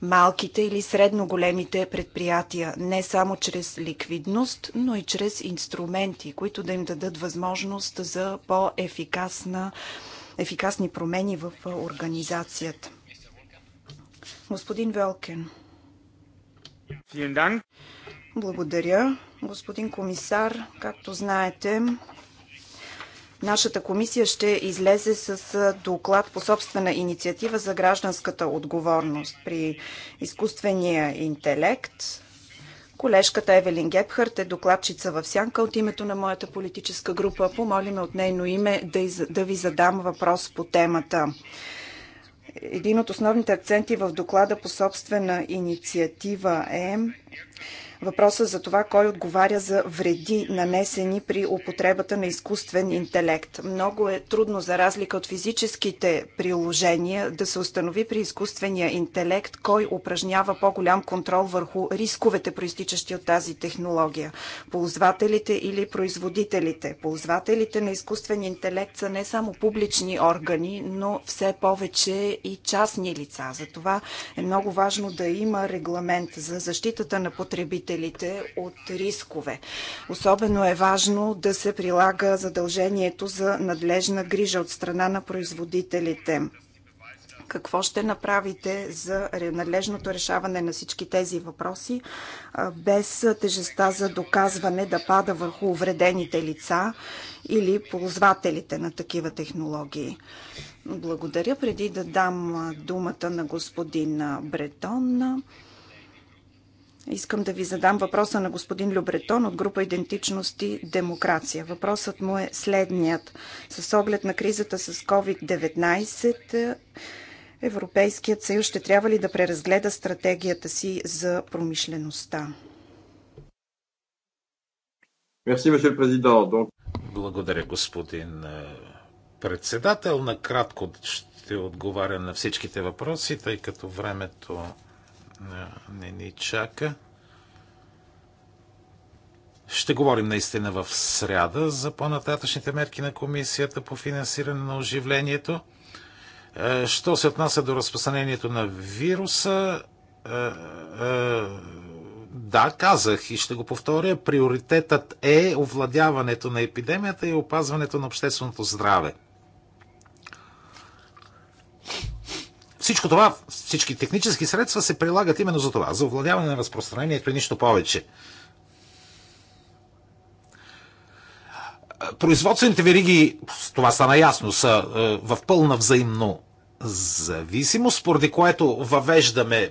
малките или средно големите предприятия, не само чрез ликвидност, но и чрез инструменти, които да им дадат възможност за по-ефикасна ефикасни промени в организацията. Господин Велкен. Благодаря. Господин комисар, както знаете, нашата комисия ще излезе с доклад по собствена инициатива за гражданската отговорност при изкуствения интелект. Колежката Евелин Гепхарт е докладчица в сянка от името на моята политическа група. Помолиме от нейно име да, из... да ви задам въпрос по темата. Един от основните акценти в доклада по собствена инициатива е Въпроса за това кой отговаря за вреди, нанесени при употребата на изкуствен интелект. Много е трудно, за разлика от физическите приложения, да се установи при изкуствения интелект кой упражнява по-голям контрол върху рисковете, проистичащи от тази технология. Ползвателите или производителите. Ползвателите на изкуствен интелект са не само публични органи, но все повече и частни лица. Затова е много важно да има регламент за защитата на потребителите потребителите от рискове. Особено е важно да се прилага задължението за надлежна грижа от страна на производителите какво ще направите за надлежното решаване на всички тези въпроси, без тежестта за доказване да пада върху увредените лица или ползвателите на такива технологии. Благодаря. Преди да дам думата на господин Бретон, Искам да ви задам въпроса на господин Любретон от група Идентичност и демокрация. Въпросът му е следният. С оглед на кризата с COVID-19, Европейският съюз ще трябва ли да преразгледа стратегията си за промишлеността? Благодаря, господин е, председател. Накратко ще отговаря на всичките въпроси, тъй като времето не ни чака. Ще говорим наистина в сряда за по-нататъчните мерки на комисията по финансиране на оживлението. Що се отнася до разпространението на вируса, да, казах и ще го повторя, приоритетът е овладяването на епидемията и опазването на общественото здраве. Всичко това, всички технически средства се прилагат именно за това, за овладяване на разпространението и нищо повече. Производствените вериги, това стана ясно, са е, в пълна взаимно зависимост, поради което въвеждаме е,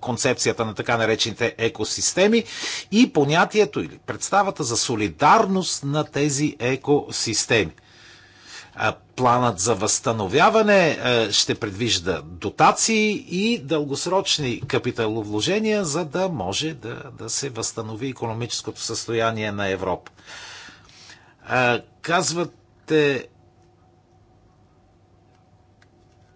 концепцията на така наречените екосистеми и понятието или представата за солидарност на тези екосистеми. Планът за възстановяване е, ще предвижда дотации и дългосрочни капиталовложения, за да може да, да се възстанови економическото състояние на Европа. Казвате,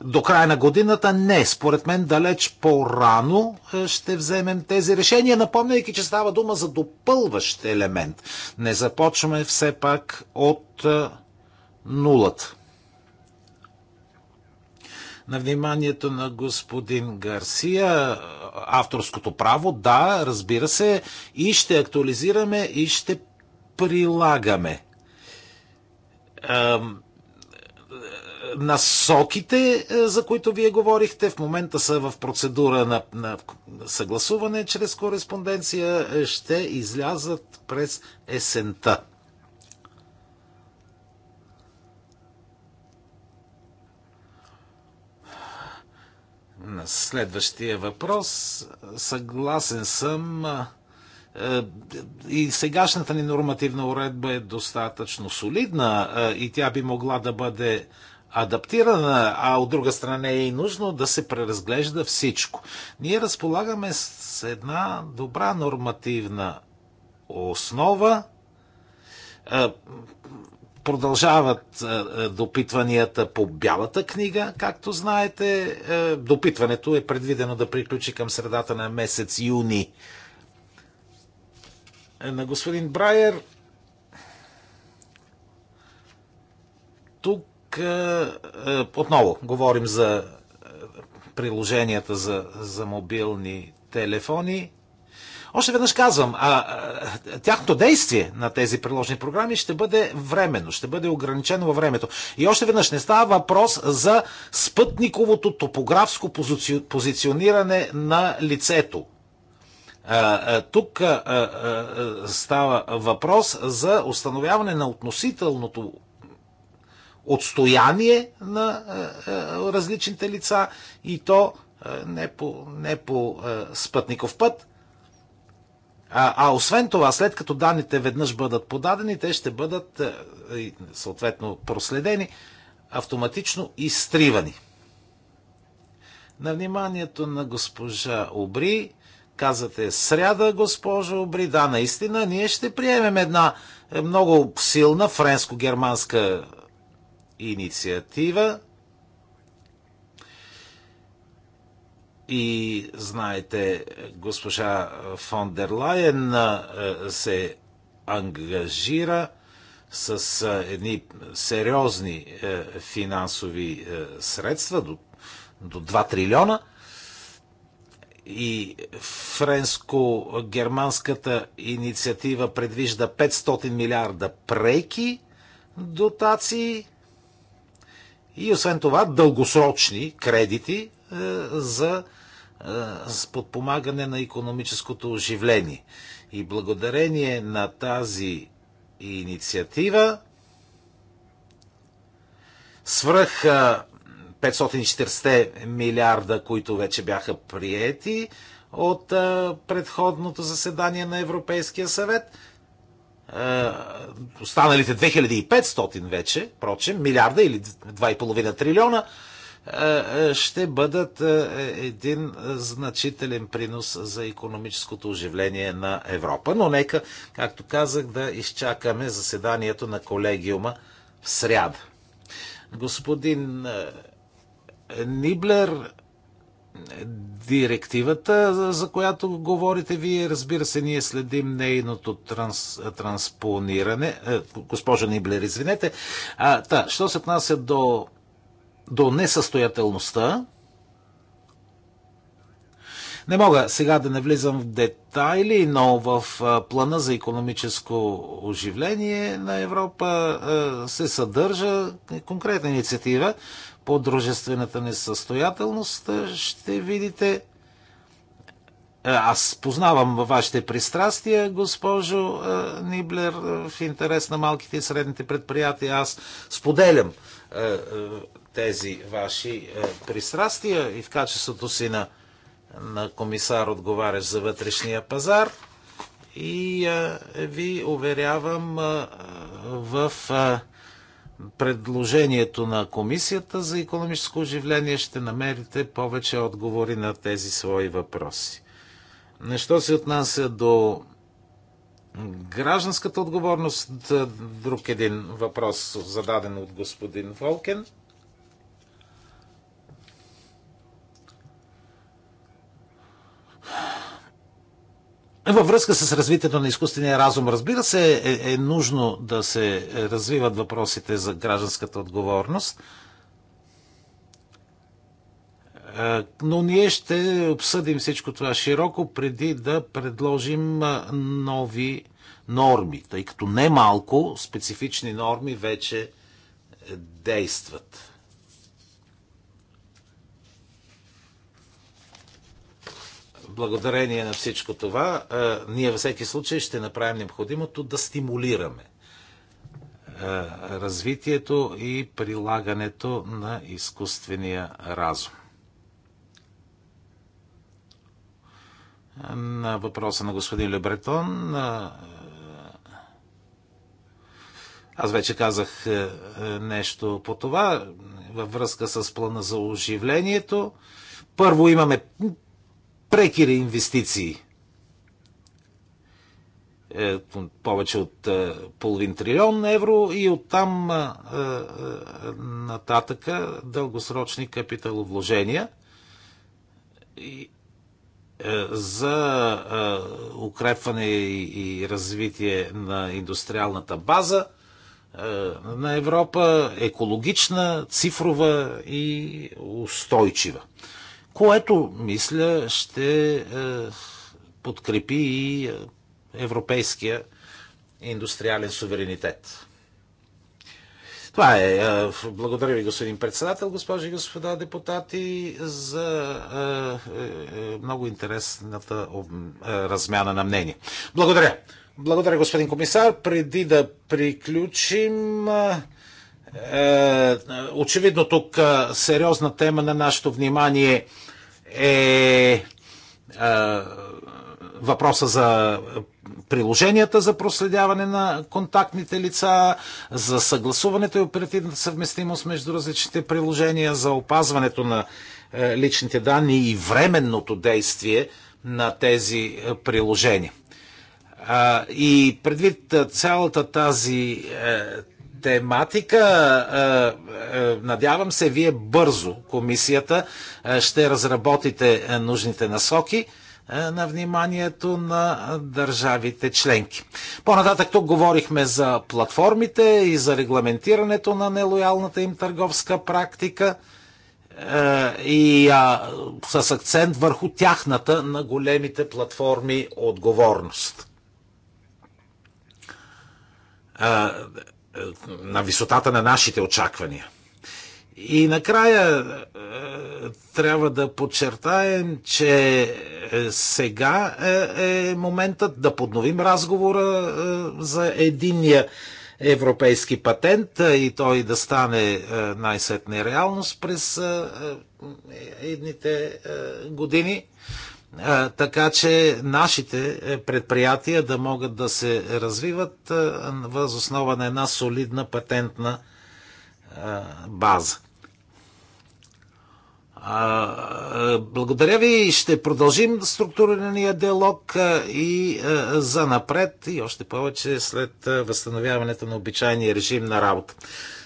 до края на годината? Не. Според мен далеч по-рано е, ще вземем тези решения, напомняйки, че става дума за допълващ елемент. Не започваме все пак от е, нулата. На вниманието на господин Гарсия авторското право, да, разбира се, и ще актуализираме, и ще прилагаме. Насоките, е, за които вие говорихте, в момента са в процедура на, на съгласуване чрез кореспонденция, ще излязат през есента. на следващия въпрос. Съгласен съм. Е, и сегашната ни нормативна уредба е достатъчно солидна и тя би могла да бъде адаптирана, а от друга страна е и нужно да се преразглежда всичко. Ние разполагаме с една добра нормативна основа, Продължават е, е, допитванията по бялата книга, както знаете. Е, допитването е предвидено да приключи към средата на месец юни. На господин Брайер тук отново говорим за приложенията за, за мобилни телефони. Още веднъж казвам, а, а, тяхното действие на тези приложни програми ще бъде временно, ще бъде ограничено във времето. И още веднъж не става въпрос за спътниковото топографско позици... позициониране на лицето. Тук става въпрос за установяване на относителното отстояние на различните лица и то не по, не по спътников път, а, а освен това, след като данните веднъж бъдат подадени, те ще бъдат е, съответно проследени, автоматично изтривани. На вниманието на госпожа Обри, казвате сряда, госпожа Обри, да, наистина, ние ще приемем една е, много силна френско-германска инициатива, И знаете, госпожа фон дер Лайен се ангажира с едни сериозни е, финансови е, средства до, до 2 трилиона и френско-германската инициатива предвижда 500 милиарда преки дотации и освен това дългосрочни кредити е, за е, подпомагане на економическото оживление. И благодарение на тази инициатива свръх 540 е, милиарда, които вече бяха приети от предходното заседание на Европейския съвет, останалите 2500 вече, прочим, милиарда или 2,5 трилиона, е, е, ще бъдат е, един значителен принос за економическото оживление на Европа. Но нека, както казах, да изчакаме заседанието на колегиума в сряда. Господин Ниблер, директивата, за която говорите вие, разбира се, ние следим нейното транс, транспониране. Госпожо Ниблер, извинете. А, та, що се отнася до до несъстоятелността. Не мога сега да не влизам в детайли, но в плана за економическо оживление на Европа се съдържа конкретна инициатива по дружествената несъстоятелност. Ще видите. Аз познавам вашите пристрастия, госпожо Ниблер, в интерес на малките и средните предприятия. Аз споделям тези ваши е, пристрастия и в качеството си на, на комисар отговарящ за вътрешния пазар. И е, ви уверявам е, в предложението на Комисията за економическо оживление ще намерите повече отговори на тези свои въпроси. Нещо се отнася до гражданската отговорност, друг един въпрос зададен от господин Волкен. Във връзка с развитието на изкуствения разум, разбира се, е, е нужно да се развиват въпросите за гражданската отговорност, е, но ние ще обсъдим всичко това широко преди да предложим нови норми, тъй като немалко специфични норми вече е, действат. благодарение на всичко това, ние във всеки случай ще направим необходимото да стимулираме развитието и прилагането на изкуствения разум. На въпроса на господин Лебретон, аз вече казах нещо по това във връзка с плана за оживлението. Първо имаме преки инвестиции. Е, повече от е, половин трилион евро и оттам е, нататъка дългосрочни капиталовложения за укрепване и развитие на индустриалната база на Европа, екологична, цифрова и устойчива което, мисля, ще е, подкрепи и е, европейския индустриален суверенитет. Това е. е благодаря ви, господин председател, госпожи и господа депутати, за много интересната размяна на мнение. Благодаря. Благодаря, господин комисар. Преди да приключим. Е, очевидно тук е, сериозна тема на нашето внимание е, е въпроса за приложенията за проследяване на контактните лица, за съгласуването и оперативната съвместимост между различните приложения, за опазването на личните данни и временното действие на тези приложения. И предвид цялата тази тематика. Надявам се, вие бързо, комисията, ще разработите нужните насоки на вниманието на държавите членки. По-нататък тук говорихме за платформите и за регламентирането на нелоялната им търговска практика и а, с акцент върху тяхната на големите платформи отговорност. А, е, на висотата на нашите очаквания. И накрая е, трябва да подчертаем, че е, сега е моментът да подновим разговора за единния европейски патент и той да стане най-сетне реалност през едните години така че нашите е, предприятия да могат да се развиват е, въз основа на една солидна патентна е, база. Благодаря ви и ще продължим структурирания диалог и за напред и още повече след възстановяването на обичайния режим на работа.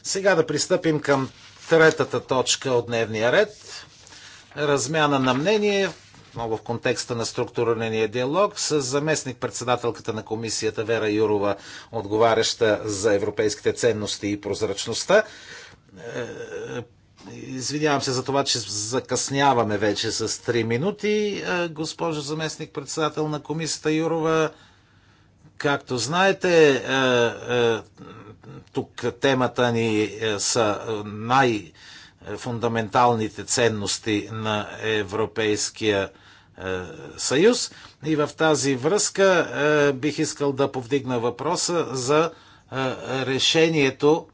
Сега да пристъпим към третата точка от дневния ред. Размяна на мнение много в контекста на структурирания диалог с заместник председателката на комисията Вера Юрова, отговаряща за европейските ценности и прозрачността. Е, извинявам се за това, че закъсняваме вече с 3 минути. Е, госпожо заместник председател на комисията Юрова, както знаете, е, тук темата ни са най- фундаменталните ценности на Европейския е, съюз. И в тази връзка е, бих искал да повдигна въпроса за е, решението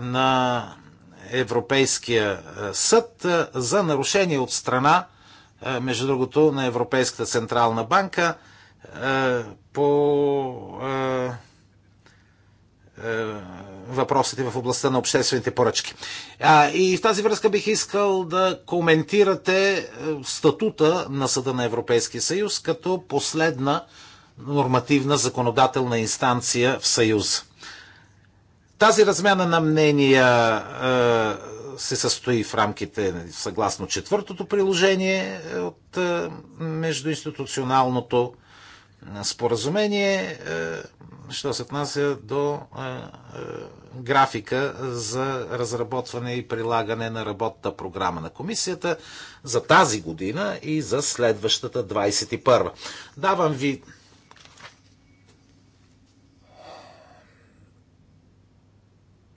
на Европейския съд за нарушение от страна, между другото, на Европейската централна банка по е, въпросите в областта на обществените поръчки. А, и в тази връзка бих искал да коментирате е, статута на Съда на Европейския съюз като последна нормативна законодателна инстанция в Съюз. Тази размяна на мнения е, се състои в рамките, съгласно четвъртото приложение от междуинституционалното споразумение, е, що се отнася до е, е, графика за разработване и прилагане на работната програма на комисията за тази година и за следващата 21. Давам ви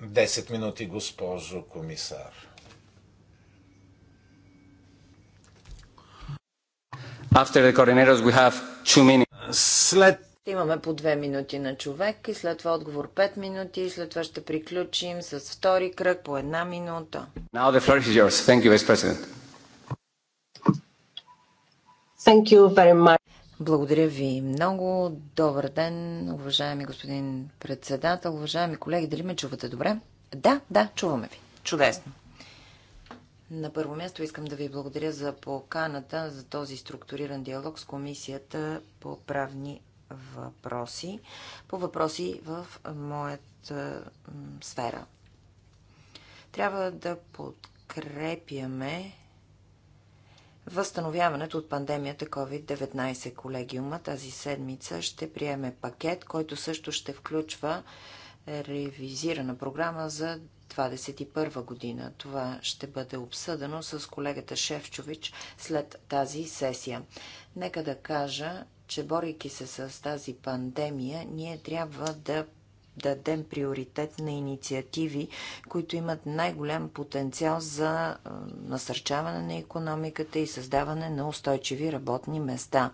Десет минути, госпожо комисар. After the coordinators, we have two minutes. След Имаме по две минути на човек и след това отговор 5 минути и след това ще приключим с втори кръг по една минута. Now the floor is yours. Thank you, Vice President. Thank you very much. Благодаря ви много. Добър ден, уважаеми господин председател, уважаеми колеги. Дали ме чувате добре? Да, да, чуваме ви. Чудесно. На първо място искам да ви благодаря за поканата за този структуриран диалог с Комисията по правни въпроси, по въпроси в моята сфера. Трябва да подкрепяме възстановяването от пандемията COVID-19. Колегиума тази седмица ще приеме пакет, който също ще включва ревизирана програма за 2021 година. Това ще бъде обсъдено с колегата Шевчович след тази сесия. Нека да кажа, че борейки се с тази пандемия, ние трябва да дадем приоритет на инициативи, които имат най-голям потенциал за насърчаване на економиката и създаване на устойчиви работни места.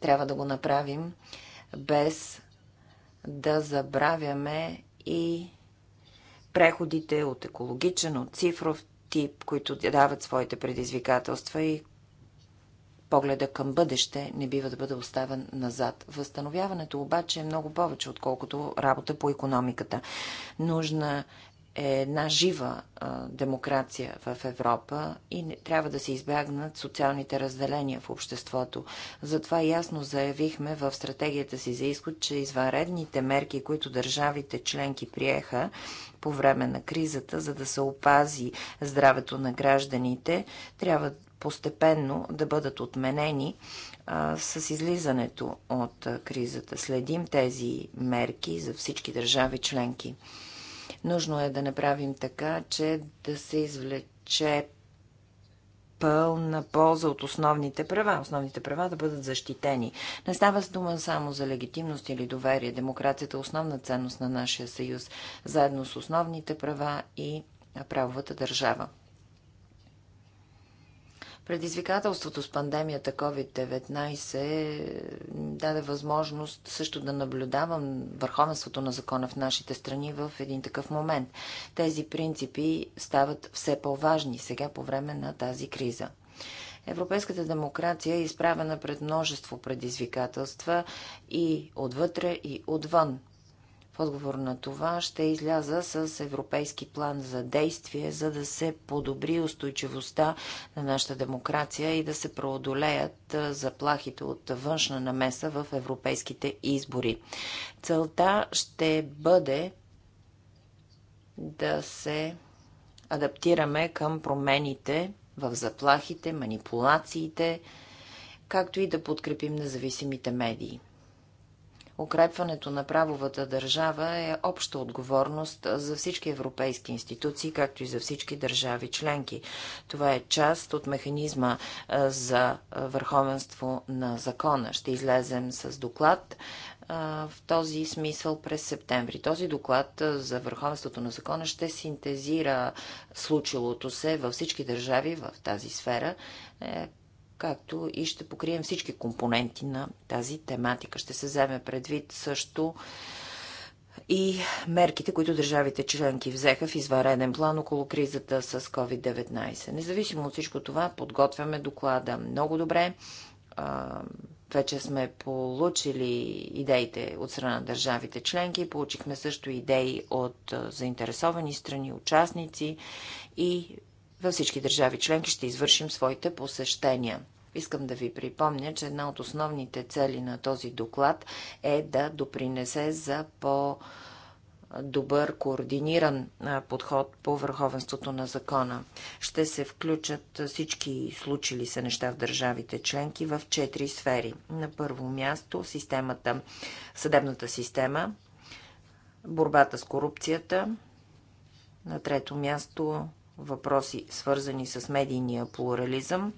Трябва да го направим без да забравяме и преходите от екологичен, от цифров тип, които дават своите предизвикателства и погледа към бъдеще не бива да бъде оставен назад. Възстановяването обаче е много повече, отколкото работа по економиката. Нужна е една жива а, демокрация в Европа и не, трябва да се избягнат социалните разделения в обществото. Затова ясно заявихме в стратегията си за изход, че извънредните мерки, които държавите членки приеха по време на кризата, за да се опази здравето на гражданите, трябва постепенно да бъдат отменени а, с излизането от а, кризата. Следим тези мерки за всички държави членки. Нужно е да направим така, че да се извлече пълна полза от основните права. Основните права да бъдат защитени. Не става с дума само за легитимност или доверие. Демокрацията е основна ценност на нашия съюз, заедно с основните права и правовата държава. Предизвикателството с пандемията COVID-19 даде възможност също да наблюдавам върховенството на закона в нашите страни в един такъв момент. Тези принципи стават все по-важни сега по време на тази криза. Европейската демокрация е изправена пред множество предизвикателства и отвътре, и отвън. В отговор на това ще изляза с европейски план за действие, за да се подобри устойчивостта на нашата демокрация и да се преодолеят заплахите от външна намеса в европейските избори. Целта ще бъде да се адаптираме към промените в заплахите, манипулациите, както и да подкрепим независимите медии. Укрепването на правовата държава е обща отговорност за всички европейски институции, както и за всички държави членки. Това е част от механизма за върховенство на закона. Ще излезем с доклад в този смисъл през септември. Този доклад за върховенството на закона ще синтезира случилото се във всички държави в тази сфера, е, както и ще покрием всички компоненти на тази тематика. Ще се вземе предвид също и мерките, които държавите членки взеха в извареден план около кризата с COVID-19. Независимо от всичко това, подготвяме доклада много добре. Вече сме получили идеите от страна на държавите членки, получихме също идеи от заинтересовани страни, участници и във всички държави членки ще извършим своите посещения. Искам да ви припомня, че една от основните цели на този доклад е да допринесе за по- добър координиран подход по върховенството на закона. Ще се включат всички случили се неща в държавите членки в четири сфери. На първо място системата, съдебната система, борбата с корупцията, на трето място въпроси свързани с медийния плурализъм,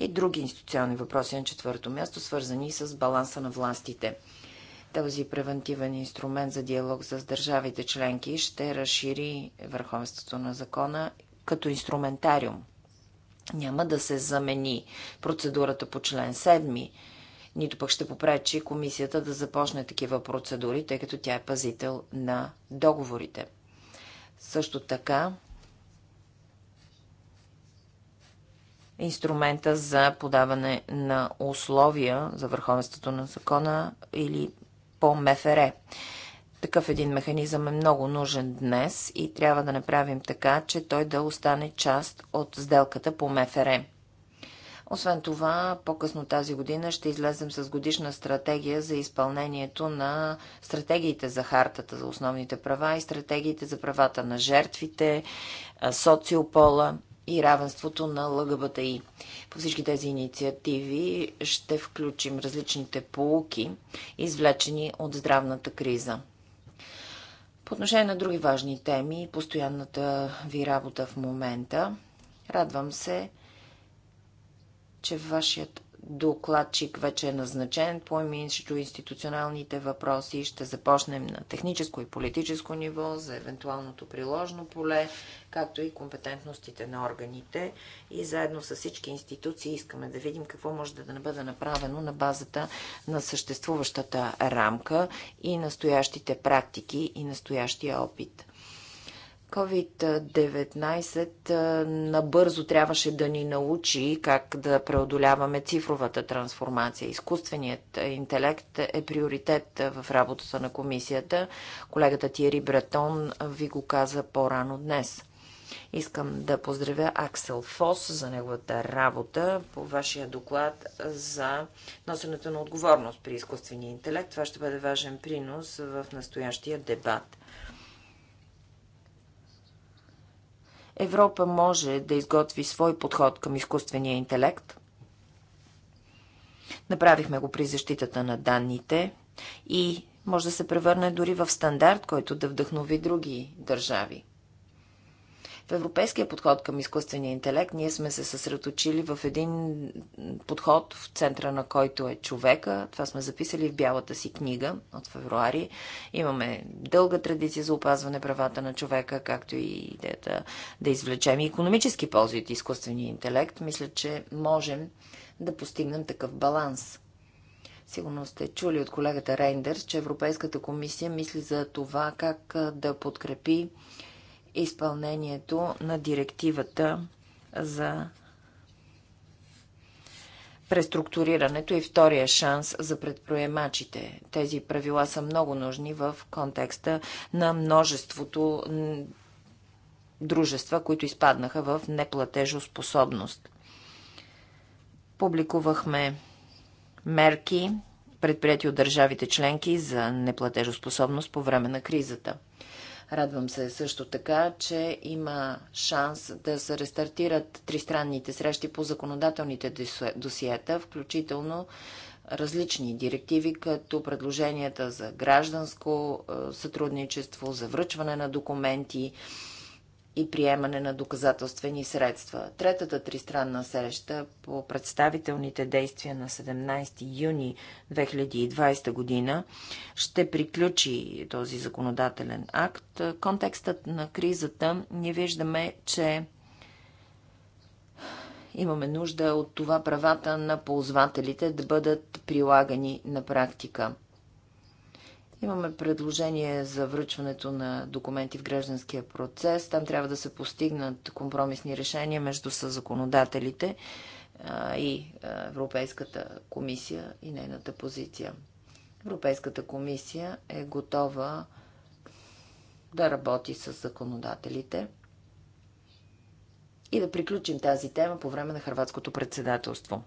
и други институционални въпроси на четвърто място, свързани с баланса на властите. Този превентивен инструмент за диалог с държавите членки ще разшири върховенството на закона като инструментариум. Няма да се замени процедурата по член 7, нито пък ще попречи комисията да започне такива процедури, тъй като тя е пазител на договорите. Също така инструмента за подаване на условия за върховенството на закона или по МФР. Такъв един механизъм е много нужен днес и трябва да направим така, че той да остане част от сделката по МФР. Освен това, по-късно тази година ще излезем с годишна стратегия за изпълнението на стратегиите за хартата за основните права и стратегиите за правата на жертвите, социопола и равенството на ЛГБТИ. По всички тези инициативи ще включим различните полуки, извлечени от здравната криза. По отношение на други важни теми, постоянната ви работа в момента, радвам се, че вашият докладчик вече е назначен по иминчето институционалните въпроси. Ще започнем на техническо и политическо ниво за евентуалното приложно поле, както и компетентностите на органите. И заедно с всички институции искаме да видим какво може да не бъде направено на базата на съществуващата рамка и настоящите практики и настоящия опит. COVID-19 набързо трябваше да ни научи как да преодоляваме цифровата трансформация. Изкуственият интелект е приоритет в работата на комисията. Колегата Тиери Бретон ви го каза по-рано днес. Искам да поздравя Аксел Фос за неговата работа по вашия доклад за носенето на отговорност при изкуствения интелект. Това ще бъде важен принос в настоящия дебат. Европа може да изготви свой подход към изкуствения интелект. Направихме го при защитата на данните и може да се превърне дори в стандарт, който да вдъхнови други държави. В европейския подход към изкуствения интелект ние сме се съсредоточили в един подход, в центъра на който е човека. Това сме записали в бялата си книга от февруари. Имаме дълга традиция за опазване правата на човека, както и идеята да извлечем и економически ползи от изкуствения интелект. Мисля, че можем да постигнем такъв баланс. Сигурно сте чули от колегата Рейндерс, че Европейската комисия мисли за това как да подкрепи изпълнението на директивата за преструктурирането и втория шанс за предприемачите. Тези правила са много нужни в контекста на множеството дружества, които изпаднаха в неплатежоспособност. Публикувахме мерки, предприяти от държавите членки за неплатежоспособност по време на кризата. Радвам се също така, че има шанс да се рестартират тристранните срещи по законодателните досиета, включително различни директиви, като предложенията за гражданско е, сътрудничество, за връчване на документи, и приемане на доказателствени средства. Третата тристранна среща по представителните действия на 17 юни 2020 година ще приключи този законодателен акт. Контекстът на кризата ние виждаме, че имаме нужда от това правата на ползвателите да бъдат прилагани на практика – Имаме предложение за връчването на документи в гражданския процес. Там трябва да се постигнат компромисни решения между съзаконодателите и Европейската комисия и нейната позиция. Европейската комисия е готова да работи с законодателите и да приключим тази тема по време на хрватското председателство.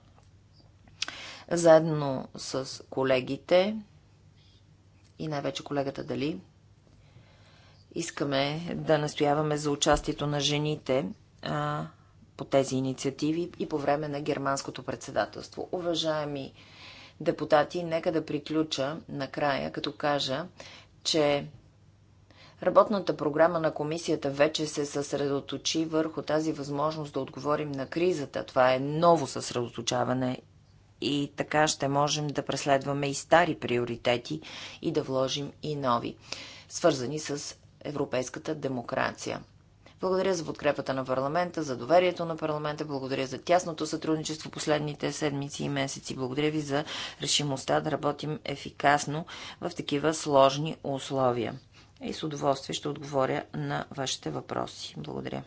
Заедно с колегите и най-вече колегата Дали. Искаме да настояваме за участието на жените а, по тези инициативи и по време на германското председателство. Уважаеми депутати, нека да приключа накрая, като кажа, че Работната програма на комисията вече се съсредоточи върху тази възможност да отговорим на кризата. Това е ново съсредоточаване и така ще можем да преследваме и стари приоритети и да вложим и нови, свързани с европейската демокрация. Благодаря за подкрепата на парламента, за доверието на парламента, благодаря за тясното сътрудничество последните седмици и месеци. Благодаря ви за решимостта да работим ефикасно в такива сложни условия. И с удоволствие ще отговоря на вашите въпроси. Благодаря.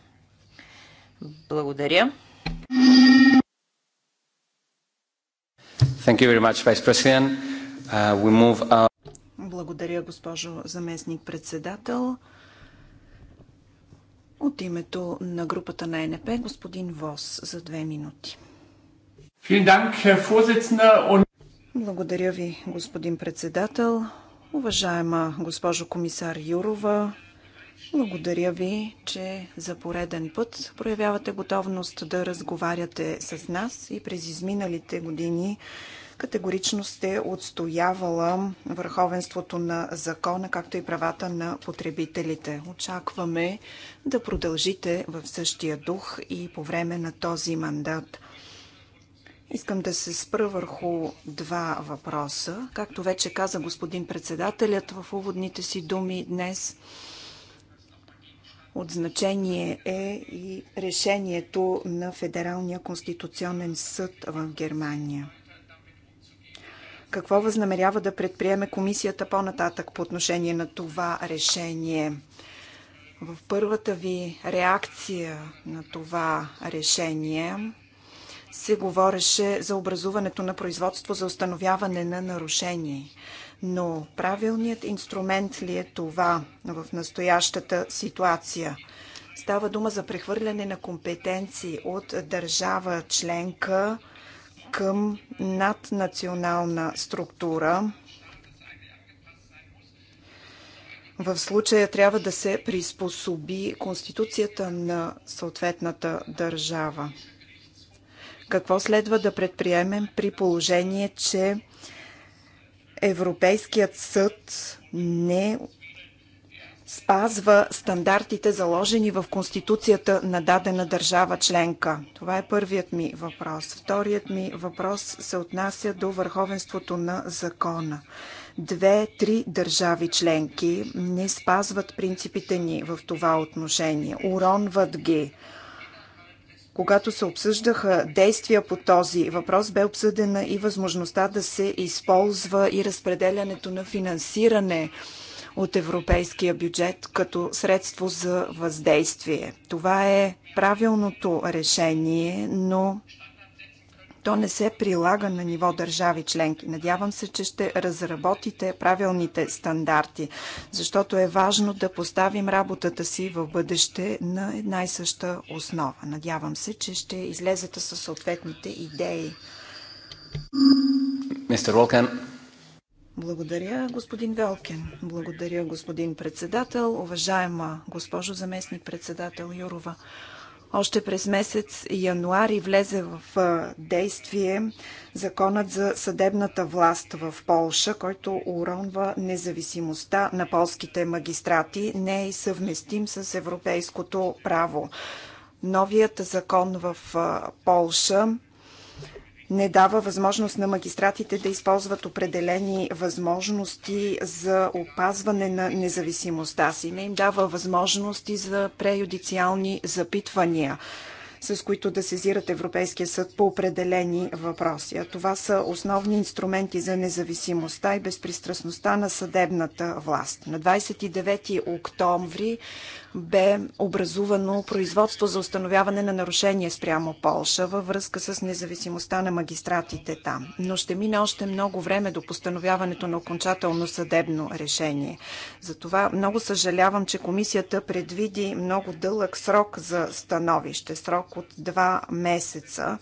Благодаря. Thank you very much, Vice President. Uh, we move on. Благодаря, госпожо заместник-председател. От името на групата на НП, господин Вос, за две минути. Благодаря ви, господин председател. Уважаема госпожо комисар Юрова, благодаря ви, че за пореден път проявявате готовност да разговаряте с нас и през изминалите години категорично сте отстоявала върховенството на закона, както и правата на потребителите. Очакваме да продължите в същия дух и по време на този мандат. Искам да се спра върху два въпроса. Както вече каза господин председателят в уводните си думи днес, от значение е и решението на Федералния конституционен съд в Германия. Какво възнамерява да предприеме комисията по-нататък по отношение на това решение? В първата ви реакция на това решение се говореше за образуването на производство за установяване на нарушение. Но правилният инструмент ли е това в настоящата ситуация? Става дума за прехвърляне на компетенции от държава членка към наднационална структура. В случая трябва да се приспособи конституцията на съответната държава. Какво следва да предприемем при положение, че Европейският съд не спазва стандартите заложени в Конституцията на дадена държава членка? Това е първият ми въпрос. Вторият ми въпрос се отнася до върховенството на закона. Две-три държави членки не спазват принципите ни в това отношение. Уронват ги когато се обсъждаха действия по този въпрос, бе обсъдена и възможността да се използва и разпределянето на финансиране от европейския бюджет като средство за въздействие. Това е правилното решение, но то не се прилага на ниво държави членки. Надявам се, че ще разработите правилните стандарти, защото е важно да поставим работата си в бъдеще на една и съща основа. Надявам се, че ще излезете със съответните идеи. Мистер Волкен. Благодаря, господин Велкен. Благодаря, господин председател. Уважаема госпожо заместник председател Юрова. Още през месец януари влезе в действие законът за съдебната власт в Полша, който уронва независимостта на полските магистрати, не е и съвместим с европейското право. Новият закон в Полша не дава възможност на магистратите да използват определени възможности за опазване на независимостта си. Не им дава възможности за преюдициални запитвания с които да сезират Европейския съд по определени въпроси. А това са основни инструменти за независимостта и безпристрастността на съдебната власт. На 29 октомври бе образувано производство за установяване на нарушение спрямо Полша във връзка с независимостта на магистратите там. Но ще мине още много време до постановяването на окончателно съдебно решение. Затова много съжалявам, че комисията предвиди много дълъг срок за становище, срок от два месеца.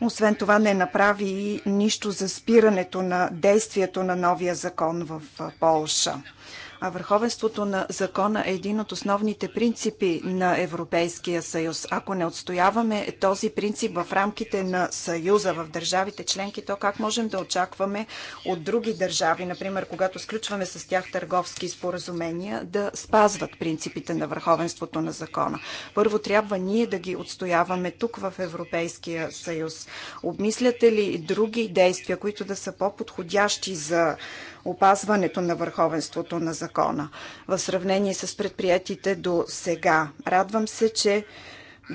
Освен това не направи нищо за спирането на действието на новия закон в Полша а върховенството на закона е един от основните принципи на Европейския съюз. Ако не отстояваме този принцип в рамките на съюза в държавите членки, то как можем да очакваме от други държави, например, когато сключваме с тях търговски споразумения, да спазват принципите на върховенството на закона? Първо трябва ние да ги отстояваме тук в Европейския съюз. Обмисляте ли други действия, които да са по-подходящи за опазването на върховенството на закона? закона в сравнение с предприятите до сега. Радвам се, че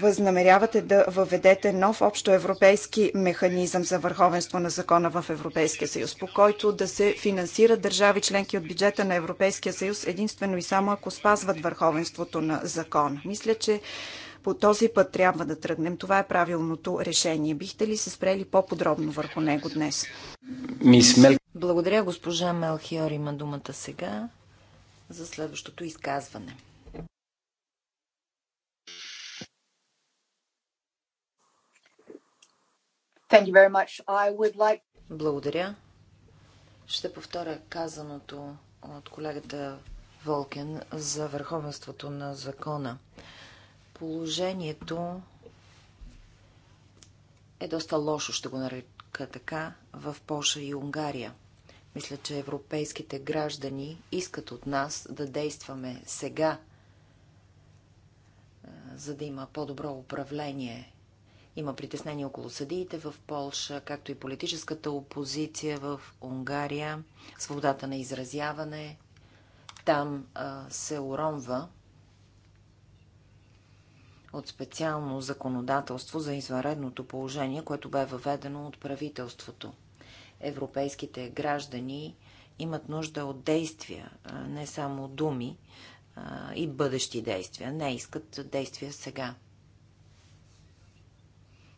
възнамерявате да въведете нов общоевропейски механизъм за върховенство на закона в Европейския съюз, по който да се финансират държави членки от бюджета на Европейския съюз единствено и само ако спазват върховенството на закона. Мисля, че по този път трябва да тръгнем. Това е правилното решение. Бихте ли се спрели по-подробно върху него днес? Благодаря, госпожа Мелхиор има думата сега за следващото изказване. Thank you very much. I would like... Благодаря. Ще повторя казаното от колегата Волкен за върховенството на закона. Положението е доста лошо, ще го нарека така, в Польша и Унгария. Мисля, че европейските граждани искат от нас да действаме сега, за да има по-добро управление. Има притеснение около съдиите в Полша, както и политическата опозиция в Унгария, свободата на изразяване. Там а, се уронва от специално законодателство за извънредното положение, което бе въведено от правителството европейските граждани имат нужда от действия, не само думи и бъдещи действия. Не искат действия сега.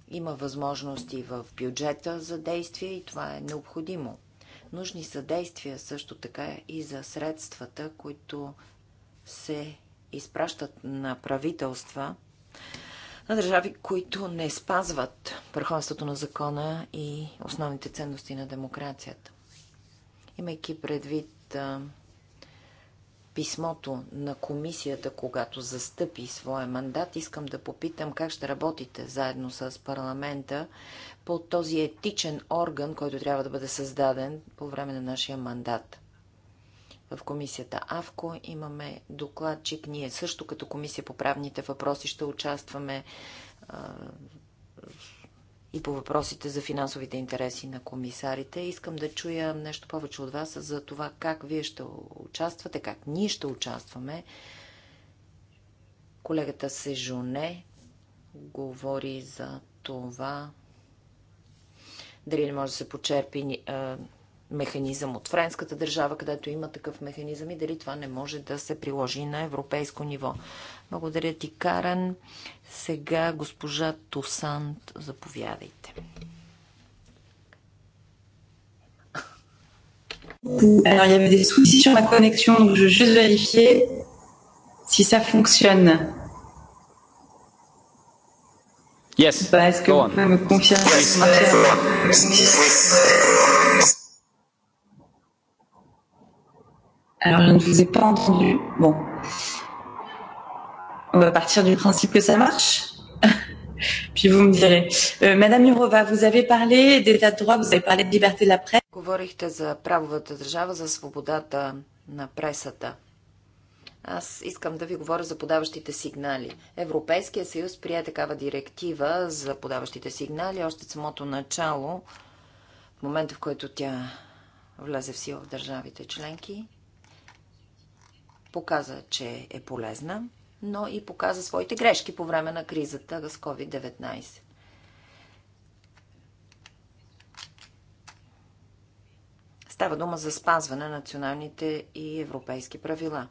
Има възможности в бюджета за действия и това е необходимо. Нужни са действия също така и за средствата, които се изпращат на правителства на държави, които не спазват върховенството на закона и основните ценности на демокрацията. Имайки предвид а, писмото на комисията, когато застъпи своя мандат, искам да попитам как ще работите заедно с парламента по този етичен орган, който трябва да бъде създаден по време на нашия мандат. В комисията АВКО имаме докладчик. Ние също като комисия по правните въпроси ще участваме и по въпросите за финансовите интереси на комисарите. Искам да чуя нещо повече от вас за това как вие ще участвате, как ние ще участваме. Колегата Сежоне говори за това дали не може да се почерпи механизъм от френската държава, където има такъв механизъм и дали това не може да се приложи на европейско ниво. Благодаря ти, Карен. Сега госпожа Тусант, заповядайте. Alors, il y avait des soucis sur ma connexion, donc je veux juste vérifier si ça fonctionne. Yes. Bah, Est-ce que Go vous pouvez on. me confirmer yes. Alors, je ne vous ai pas entendu. Bon. On va partir du principe que ça marche. Puis vous me direz. Euh, Madame Jurova, vous avez parlé d'état de droit, vous avez parlé de liberté de la presse. Говорихте за правовата държава, за свободата на пресата. Аз искам да ви говоря за подаващите сигнали. Европейския съюз прие такава директива за подаващите сигнали още от самото начало, в момента в който тя влезе в сила в държавите членки показа, че е полезна, но и показа своите грешки по време на кризата с COVID-19. Става дума за спазване на националните и европейски правила.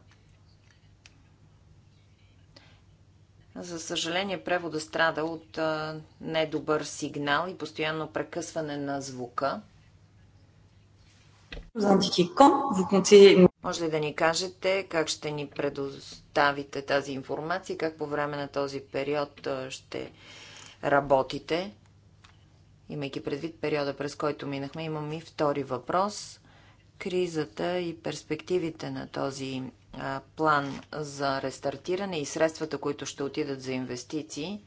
За съжаление, превода страда от недобър сигнал и постоянно прекъсване на звука. Vous може ли да ни кажете как ще ни предоставите тази информация, как по време на този период ще работите? Имайки предвид периода, през който минахме, имам и втори въпрос. Кризата и перспективите на този план за рестартиране и средствата, които ще отидат за инвестиции,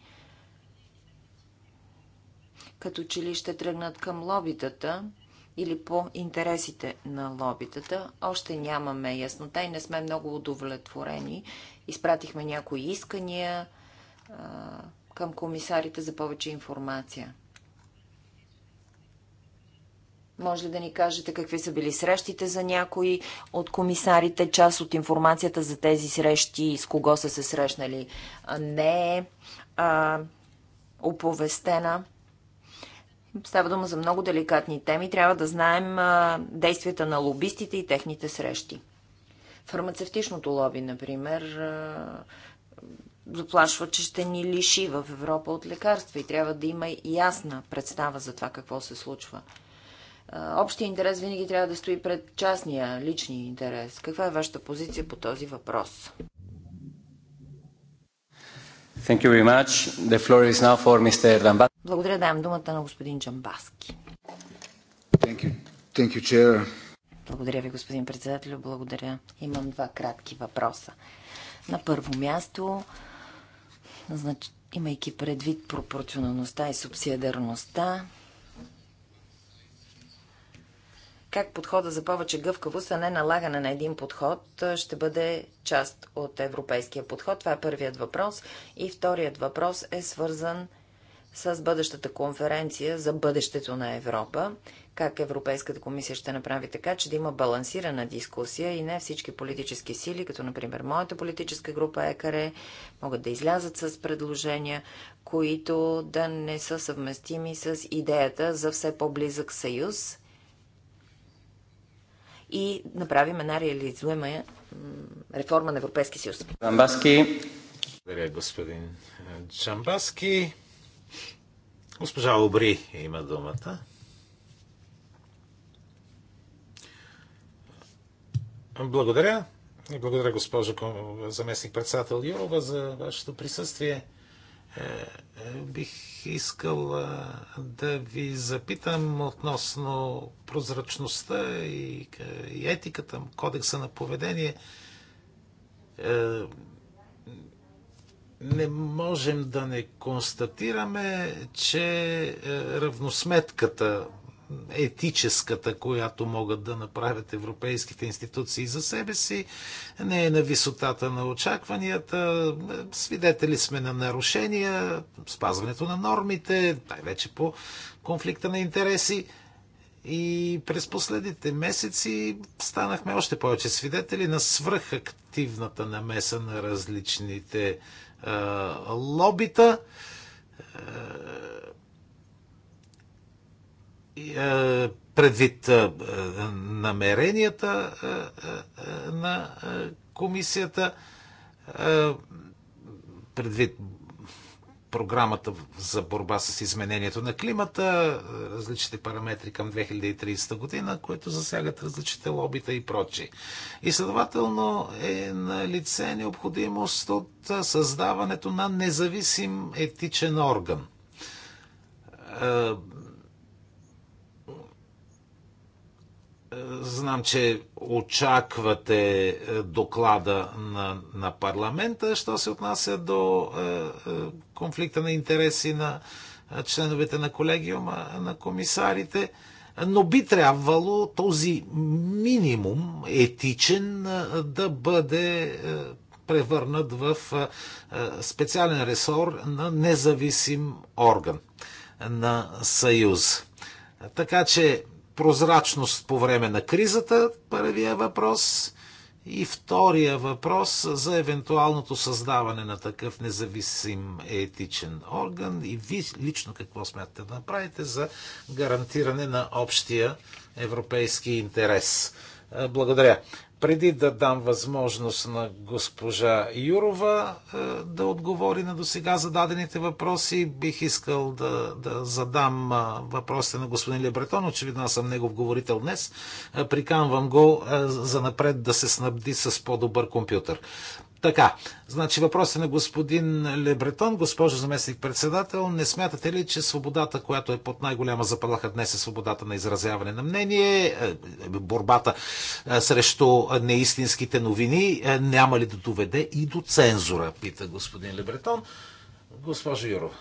като че ли ще тръгнат към лобитата, или по интересите на лобитата. Още нямаме яснота и не сме много удовлетворени. Изпратихме някои искания а, към комисарите за повече информация. Може ли да ни кажете какви са били срещите за някои от комисарите, част от информацията за тези срещи, с кого са се срещнали? Не е оповестена. Става дума за много деликатни теми. Трябва да знаем действията на лобистите и техните срещи. Фармацевтичното лоби, например, заплашва, че ще ни лиши в Европа от лекарства и трябва да има ясна представа за това какво се случва. Общия интерес винаги трябва да стои пред частния, личния интерес. Каква е вашата позиция по този въпрос? Thank you very much. The floor is now for Mr. Dambas. Благодаря, давам думата на господин Джамбаски. Thank you. Thank you, chair. Благодаря ви, господин председател. Благодаря. Имам два кратки въпроса. На първо място, значи, имайки предвид пропорционалността и субсидиарността, как подхода за повече гъвкавост, а не налагане на един подход, ще бъде част от европейския подход. Това е първият въпрос. И вторият въпрос е свързан с бъдещата конференция за бъдещето на Европа. Как Европейската комисия ще направи така, че да има балансирана дискусия и не всички политически сили, като например моята политическа група ЕКАРЕ, могат да излязат с предложения, които да не са съвместими с идеята за все по-близък съюз и направим една реализуема реформа на Европейския съюз. Джамбаски. Благодаря, господин е, Джамбаски. Госпожа Обри има думата. Благодаря. И благодаря, госпожо заместник-председател Юрова, за вашето присъствие. Е, е, бих искал да ви запитам относно прозрачността и етиката, кодекса на поведение. Е, не можем да не констатираме, че е, равносметката етическата, която могат да направят европейските институции за себе си, не е на висотата на очакванията. Свидетели сме на нарушения, спазването на нормите, най-вече по конфликта на интереси. И през последните месеци станахме още повече свидетели на свръхактивната намеса на различните е, лобита. Е, е, предвид е, намеренията е, на комисията, предвид програмата за борба с изменението на климата, различните параметри към 2030 година, които засягат различните лобита и прочи. И следователно е на лице необходимост от създаването на независим етичен орган Знам, че очаквате е, доклада на, на парламента, що се отнася до е, е, конфликта на интереси на членовете на колегиума, на комисарите, но би трябвало този минимум етичен да бъде превърнат в специален ресор на независим орган на Съюз. Така че прозрачност по време на кризата, първия въпрос. И втория въпрос за евентуалното създаване на такъв независим етичен орган и ви лично какво смятате да направите за гарантиране на общия европейски интерес. Благодаря. Преди да дам възможност на госпожа Юрова е, да отговори на досега зададените въпроси, бих искал да, да задам въпросите на господин Лебретон. Очевидно аз съм негов говорител днес. Е, приканвам го е, за напред да се снабди с по-добър компютър. Така, значи въпросът е на господин Лебретон, госпожо заместник-председател, не смятате ли, че свободата, която е под най-голяма заплаха днес е свободата на изразяване на мнение, е, е, борбата срещу неистинските новини, няма ли да доведе и до цензура, пита господин Лебретон. Госпожо Юрова.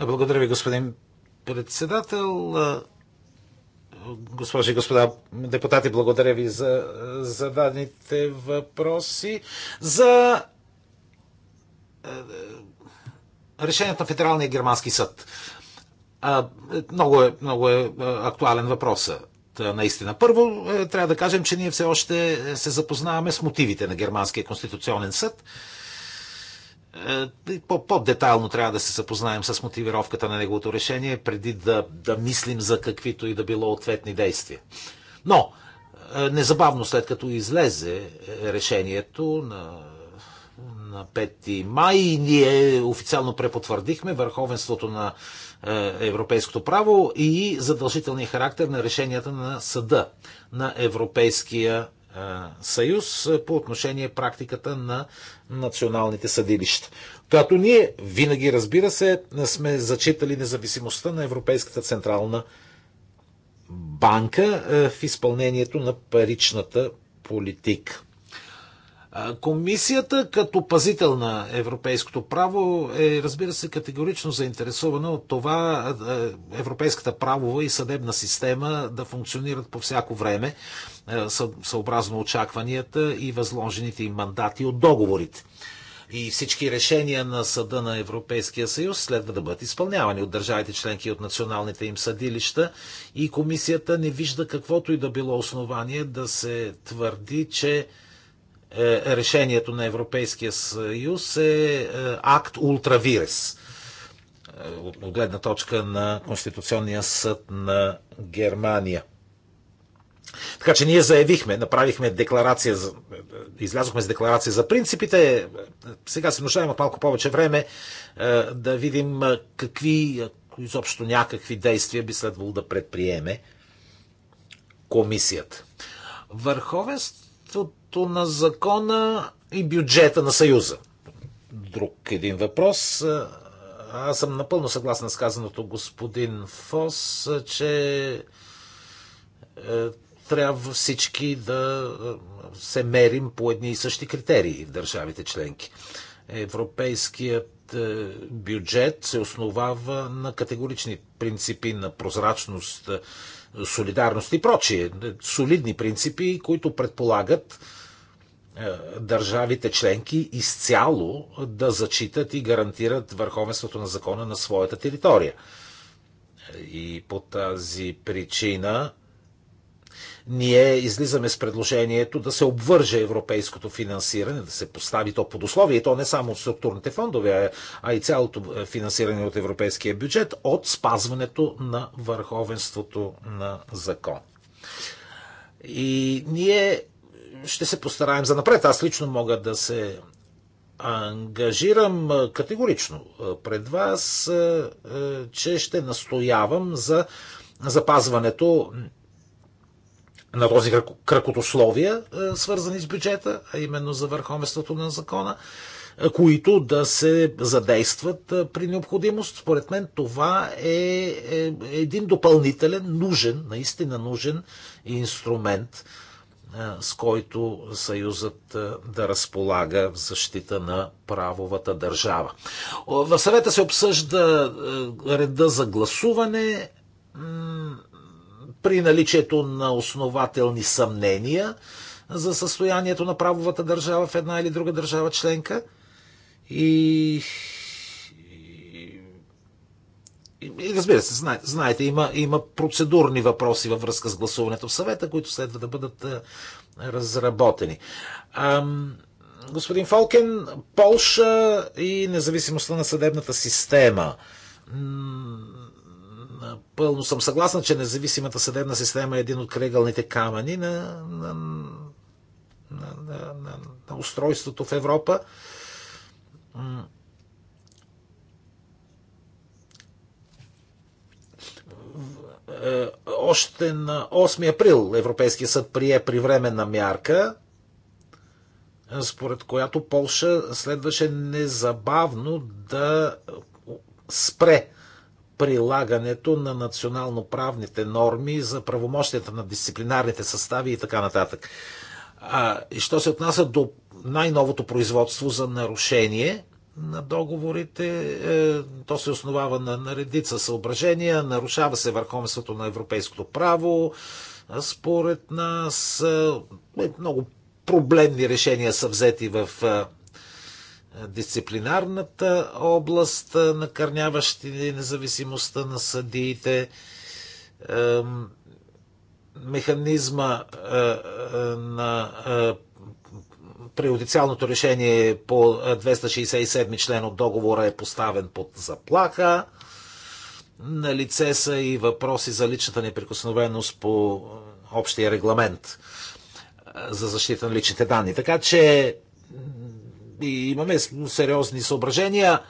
Благодаря ви, господин председател госпожи и господа депутати, благодаря ви за зададените въпроси. За е, решението на Федералния германски съд. Много е, много е, е актуален въпросът е, наистина. Първо, трябва да кажем, че ние все още се запознаваме с мотивите на Германския конституционен съд. Е, по-детайлно трябва да се съпознаем с мотивировката на неговото решение, преди да, да мислим за каквито и да било ответни действия. Но, е, незабавно след като излезе е, решението на, на 5 май, ние официално препотвърдихме върховенството на европейското право и задължителния характер на решенията на съда на Европейския е, съюз е, по отношение практиката на националните съдилища. Като ние винаги, разбира се, сме зачитали независимостта на Европейската централна банка е, в изпълнението на паричната политика. Комисията като пазител на европейското право е, разбира се, категорично заинтересована от това европейската правова и съдебна система да функционират по всяко време, съобразно очакванията и възложените им мандати от договорите. И всички решения на Съда на Европейския съюз следва да бъдат изпълнявани от държавите членки и от националните им съдилища. И комисията не вижда каквото и да било основание да се твърди, че е, решението на Европейския съюз е, е акт ултравирес е, от гледна точка на Конституционния съд на Германия. Така че ние заявихме, направихме декларация, излязохме с декларация за принципите. Сега се нуждаем от малко повече време да видим какви, изобщо някакви действия би следвало да предприеме комисията. Върховенството правителството на закона и бюджета на Съюза. Друг един въпрос. Аз съм напълно съгласен с казаното господин Фос, че е, трябва всички да е, се мерим по едни и същи критерии в държавите членки. Европейският е, бюджет се основава на категорични принципи на прозрачност, солидарност и прочие. Солидни принципи, които предполагат е, държавите членки изцяло да зачитат и гарантират върховенството на закона на своята територия. И по тази причина ние излизаме с предложението да се обвърже европейското финансиране, да се постави то под условие, и то не само от структурните фондове, а и цялото е, финансиране от европейския бюджет, от спазването на върховенството на закон. И ние ще се постараем за напред. Аз лично мога да се ангажирам е, категорично е, пред вас, че ще настоявам за запазването на този кръкотословия, е, свързани с бюджета, а именно за върховенството на закона, е, които да се задействат е, при необходимост. Според мен това е един допълнителен, нужен, наистина нужен инструмент, с който Съюзът да разполага в защита на правовата държава. В съвета се обсъжда реда за гласуване при наличието на основателни съмнения за състоянието на правовата държава в една или друга държава членка. И, и, и разбира се, знаете, знаете има, има процедурни въпроси във връзка с гласуването в съвета, които следва да бъдат а, е, разработени. Ам, господин Фолкен, Полша и независимостта на съдебната система напълно съм съгласна, че независимата съдебна система е един от крегълните камъни на, на, на, на, на, на устройството в Европа. Е, още на 8 април Европейския съд прие привременна мярка, според която Полша следваше незабавно да спре прилагането на национално-правните норми за правомощията на дисциплинарните състави и така нататък. А, и що се отнася до най-новото производство за нарушение на договорите, е, то се основава на, на редица съображения, нарушава се върховенството на европейското право, според нас е, много проблемни решения са взети в е, дисциплинарната област, накърняващи независимостта на съдиите, механизма е, е, на е, преодициалното решение по 267 член от договора е поставен под заплаха. На лице са и въпроси за личната неприкосновеност по общия регламент за защита на личните данни. Така че и имаме сериозни съображения.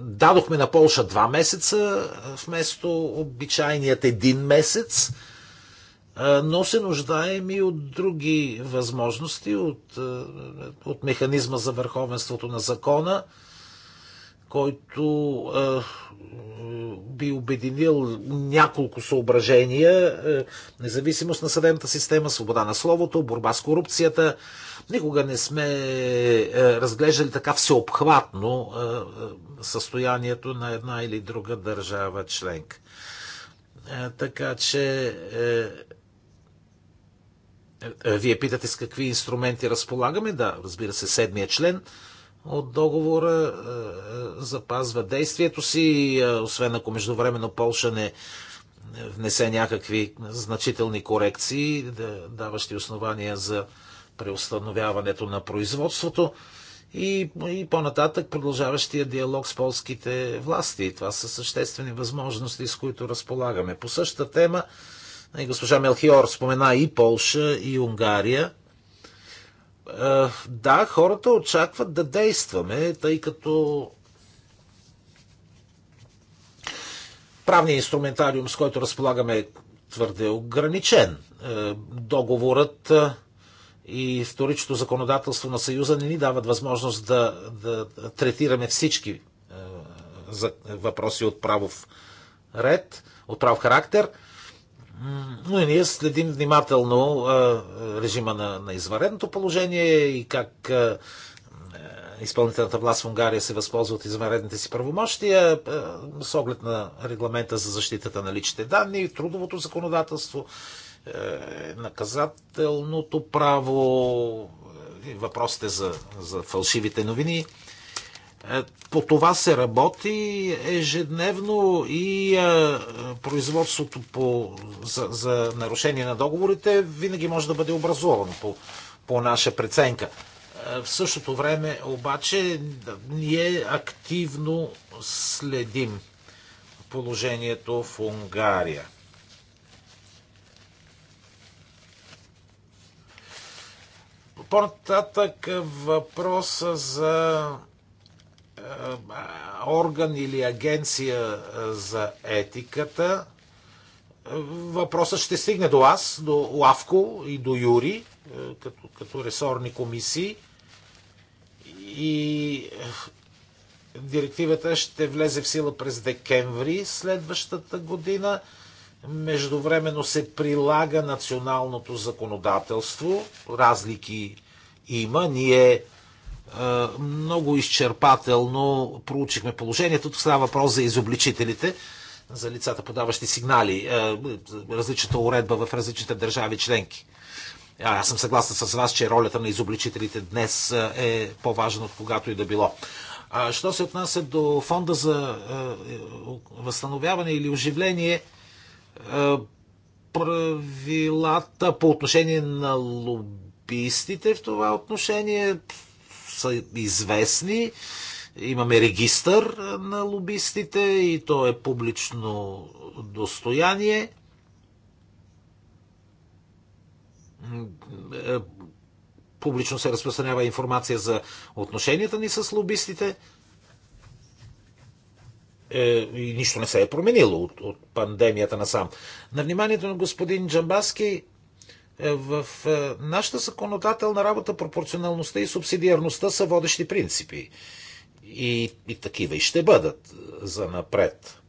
Дадохме на Полша два месеца вместо обичайният един месец, но се нуждаем и от други възможности, от, от механизма за върховенството на закона, който би обединил няколко съображения. независимост на съдебната система, свобода на словото, борба с корупцията. Никога не сме разглеждали така всеобхватно състоянието на една или друга държава членка. така че. Е, е, вие питате с какви инструменти разполагаме. Да, разбира се, седмия член – от договора е, е, запазва действието си, е, освен ако междувременно Полша не внесе някакви значителни корекции, даващи основания за преустановяването на производството и, и по-нататък продължаващия диалог с полските власти. Това са съществени възможности, с които разполагаме. По същата тема госпожа Мелхиор спомена и Полша, и Унгария. Е, да, хората очакват да действаме, тъй като правният инструментариум, с който разполагаме, е твърде ограничен. Е, договорът е, и вторичното законодателство на Съюза не ни дават възможност да, да третираме всички въпроси от правов ред, от прав характер – но и ние следим внимателно режима на, на извареното положение и как е, изпълнителната власт в Унгария се възползва от извънредните си правомощия с оглед на регламента за защитата на личните данни, трудовото законодателство, е, наказателното право, е, въпросите за, за фалшивите новини е, по това се работи ежедневно и е, производството по, за, за нарушение на договорите винаги може да бъде образовано по, по наша преценка. Е, в същото време обаче ние активно следим положението в Унгария. По-нататък въпроса за е, е, орган или агенция е, за етиката, въпросът ще стигне до аз, до Лавко и до Юри, като, като ресорни комисии. И директивата ще влезе в сила през декември следващата година. Междувременно се прилага националното законодателство. Разлики има. Ние много изчерпателно проучихме положението. Тук става въпрос за изобличителите, за лицата подаващи сигнали, различната уредба в различните държави членки. Аз съм съгласен с вас, че ролята на изобличителите днес е по-важна от когато и да било. А, що се отнася до фонда за е, възстановяване или оживление, правилата по отношение на лобистите в това отношение са известни. Имаме регистър е, на лобистите и то е публично достояние. Е, публично се разпространява информация за отношенията ни с лобистите. Е, и нищо не се е променило от, от пандемията насам. На вниманието на господин Джамбаски в е, нашата законодателна работа пропорционалността и субсидиарността са водещи принципи. И, и такива и ще бъдат е, за напред.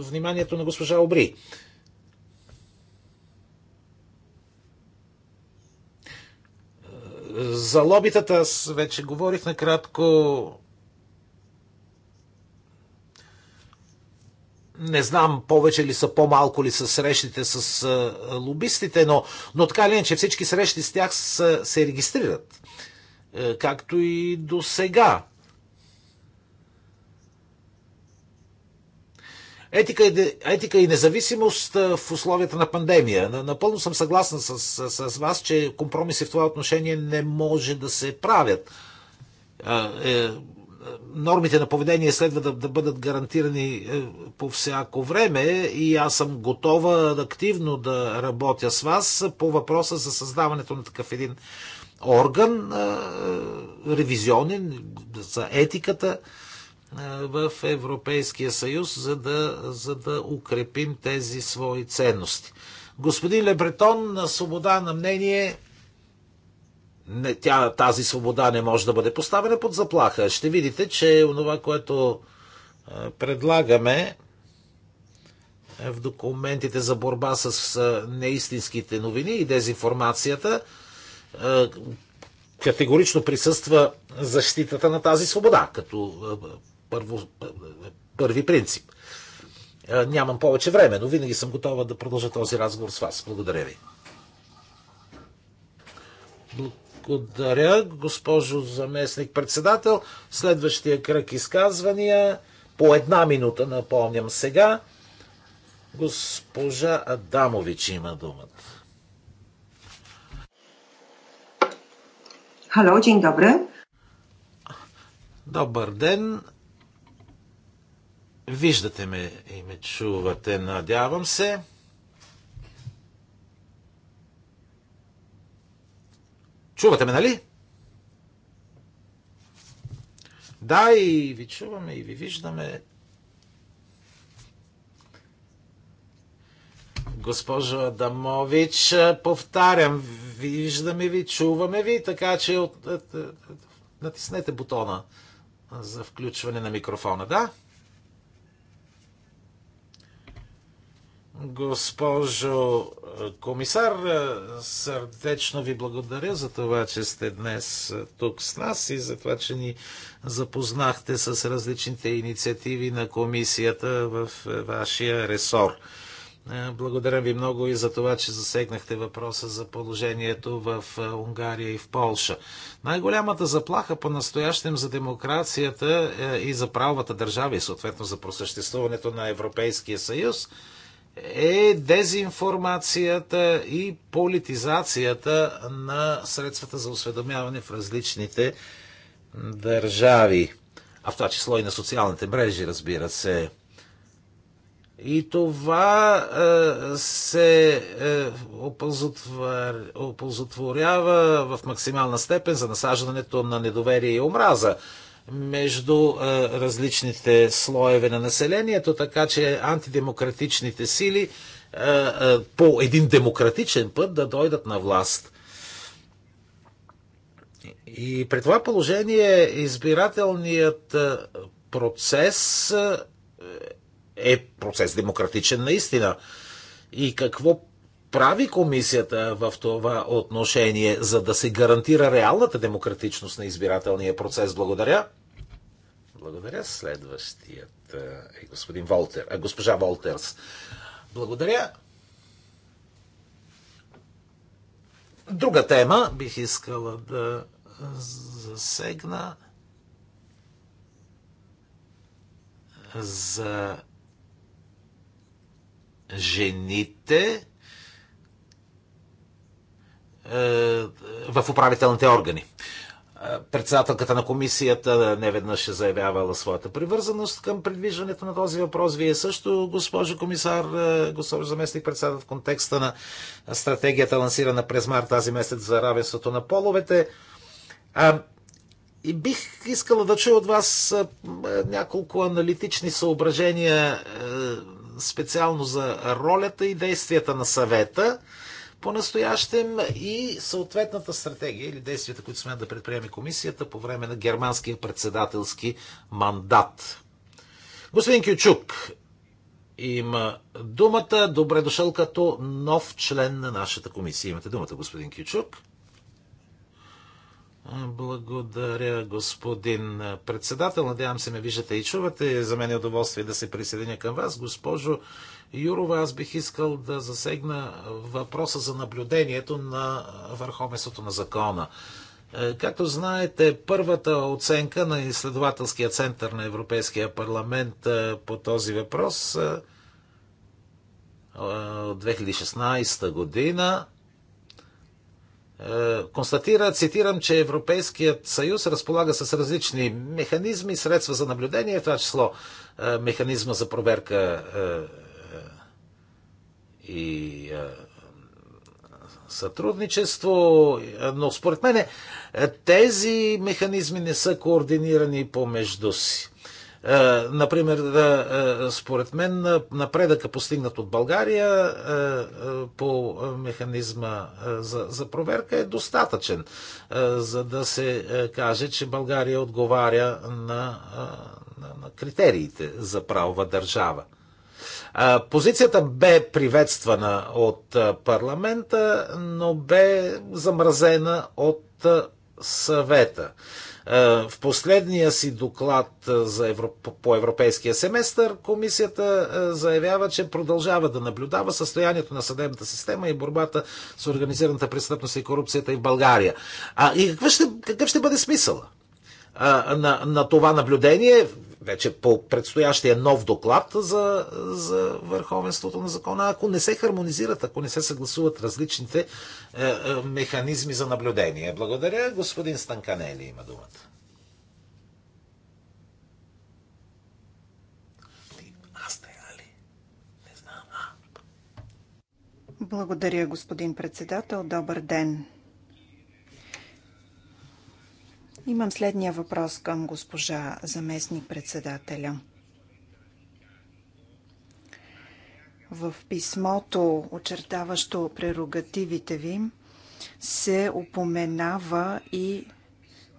Вниманието на госпожа Обри. Е, за лобитата аз вече говорих накратко. не знам повече ли са, по-малко ли са срещите с лобистите, но, но така ли е, че всички срещи с тях са, се регистрират. Както и до сега. Етика и, етика и независимост в условията на пандемия. Напълно съм съгласен с, с, с вас, че компромиси в това отношение не може да се правят е, нормите на поведение следва да, да бъдат гарантирани е, по всяко време и аз съм готова активно да работя с вас по въпроса за създаването на такъв един орган, е, е, ревизионен, за етиката в Европейския съюз, за да, за да укрепим тези свои ценности. Господин Лебретон, на свобода на мнение не, тя, тази свобода не може да бъде поставена под заплаха. Ще видите, че онова, което предлагаме е в документите за борба с неистинските новини и дезинформацията, категорично присъства защитата на тази свобода, като първо, е първи принцип. Нямам повече време, но винаги съм готова да продължа този разговор с вас. Благодаря ви. Благодаря, госпожо заместник-председател. Следващия кръг изказвания по една минута, напомням сега. Госпожа Адамович има думата. Хало, ден добре. Добър ден. Виждате ме и ме чувате, надявам се. Чувате ме, нали? Да, и ви чуваме, и ви виждаме. Госпожо Адамович, повтарям, виждаме ви, чуваме ви, така че от, от, от, натиснете бутона за включване на микрофона, да? Госпожо комисар, е, сърдечно ви благодаря за това, че сте днес е, тук с нас и за това, че ни запознахте с различните инициативи на комисията в е, вашия ресор. Благодаря ви много и за това, че засегнахте въпроса за положението в Унгария и в Полша. Най-голямата заплаха по-настоящем за демокрацията и за правовата държава и съответно за просъществуването на Европейския съюз – е дезинформацията и политизацията на средствата за осведомяване в различните държави. А в това число и на социалните мрежи, разбира се. И това е, се е, оползотвор... оползотворява в максимална степен за насаждането на недоверие и омраза между е, различните слоеве на населението, така че антидемократичните сили е, е, по един демократичен път да дойдат на власт. И при това положение избирателният процес е процес демократичен наистина. И какво прави комисията в това отношение, за да се гарантира реалната демократичност на избирателния процес? Благодаря. Благодаря. Следващият е господин Волтер, а госпожа Волтерс. Благодаря. Друга тема бих искала да засегна за жените е, в управителните органи. Е, председателката на комисията неведнъж е заявявала своята привързаност към предвиждането на този въпрос. Вие също, госпожо комисар, е, госпожо заместник председател, в контекста на стратегията, лансирана през март тази месец за равенството на половете. И бих искала да чуя от вас няколко аналитични съображения специално за ролята и действията на съвета – по-настоящем и съответната стратегия или действията, които сме да предприеме комисията по време на германския председателски мандат. Господин Кючук има думата. Добре дошъл като нов член на нашата комисия. Имате думата, господин Кючук. Благодаря, господин председател. Надявам се ме виждате и чувате. За мен е удоволствие да се присъединя към вас. Госпожо Юрова, аз бих искал да засегна въпроса за наблюдението на върховенството на закона. Е, както знаете, първата оценка на изследователския център на Европейския парламент е, по този въпрос е, от 2016 година констатира, цитирам, че Европейският съюз разполага с различни механизми, средства за наблюдение, в това число механизма за проверка и сътрудничество, но според мен тези механизми не са координирани помежду си. Например, според мен напредъка постигнат от България по механизма за проверка е достатъчен, за да се каже, че България отговаря на, на критериите за правова държава. Позицията бе приветствана от парламента, но бе замразена от съвета. В последния си доклад за Европ... по европейския семестър комисията заявява, че продължава да наблюдава състоянието на съдебната система и борбата с организираната престъпност и корупцията и в България. А и какъв ще, какъв ще бъде смисъл а, на, на това наблюдение? вече по предстоящия нов доклад за, за върховенството на закона, ако не се хармонизират, ако не се съгласуват различните е, е, механизми за наблюдение. Благодаря. Господин Станканели има думата. Благодаря, господин председател. Добър ден. Имам следния въпрос към госпожа заместник председателя. В писмото, очертаващо прерогативите ви, се упоменава и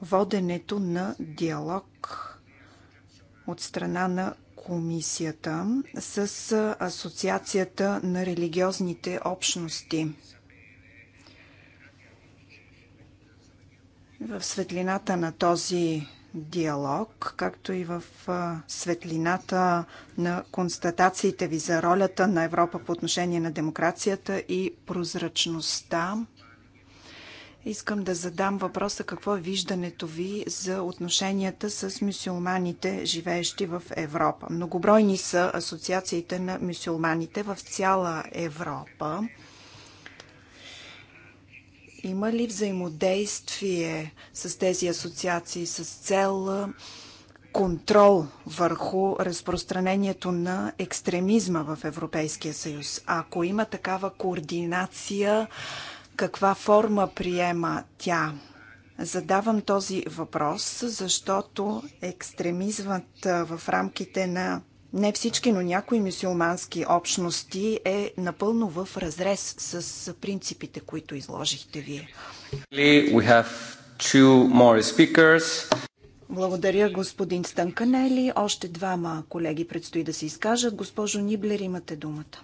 воденето на диалог от страна на комисията с Асоциацията на религиозните общности – В светлината на този диалог, както и в светлината на констатациите ви за ролята на Европа по отношение на демокрацията и прозрачността, искам да задам въпроса какво е виждането ви за отношенията с мюсюлманите, живеещи в Европа. Многобройни са асоциациите на мюсюлманите в цяла Европа. Има ли взаимодействие с тези асоциации с цел контрол върху разпространението на екстремизма в Европейския съюз? Ако има такава координация, каква форма приема тя? Задавам този въпрос, защото екстремизмът в рамките на не всички, но някои мюсюлмански общности е напълно в разрез с принципите, които изложихте вие. Благодаря, господин Станканели. Още двама колеги предстои да се изкажат. Госпожо Ниблер, имате думата.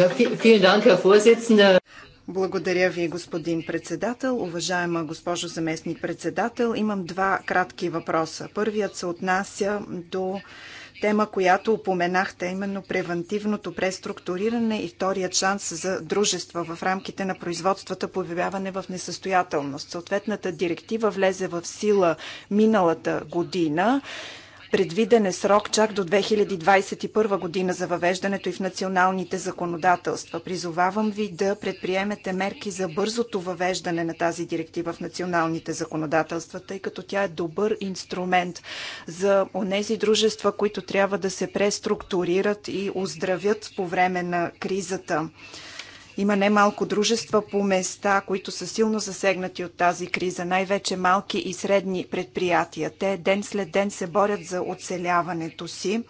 Ja, vielen Dank, Herr Vorsitzender. Благодаря ви, господин председател. Уважаема госпожо заместник председател, имам два кратки въпроса. Първият се отнася до тема, която упоменахте, именно превентивното преструктуриране и вторият шанс за дружества в рамките на производствата по обявяване в несъстоятелност. Съответната директива влезе в сила миналата година. Предвиден е срок чак до 2021 година за въвеждането и в националните законодателства. Призовавам ви да предприемете мерки за бързото въвеждане на тази директива в националните законодателства, тъй като тя е добър инструмент за онези дружества, които трябва да се преструктурират и оздравят по време на кризата. Има немалко дружества по места, които са силно засегнати от тази криза, най-вече малки и средни предприятия. Те ден след ден се борят за оцеляването си.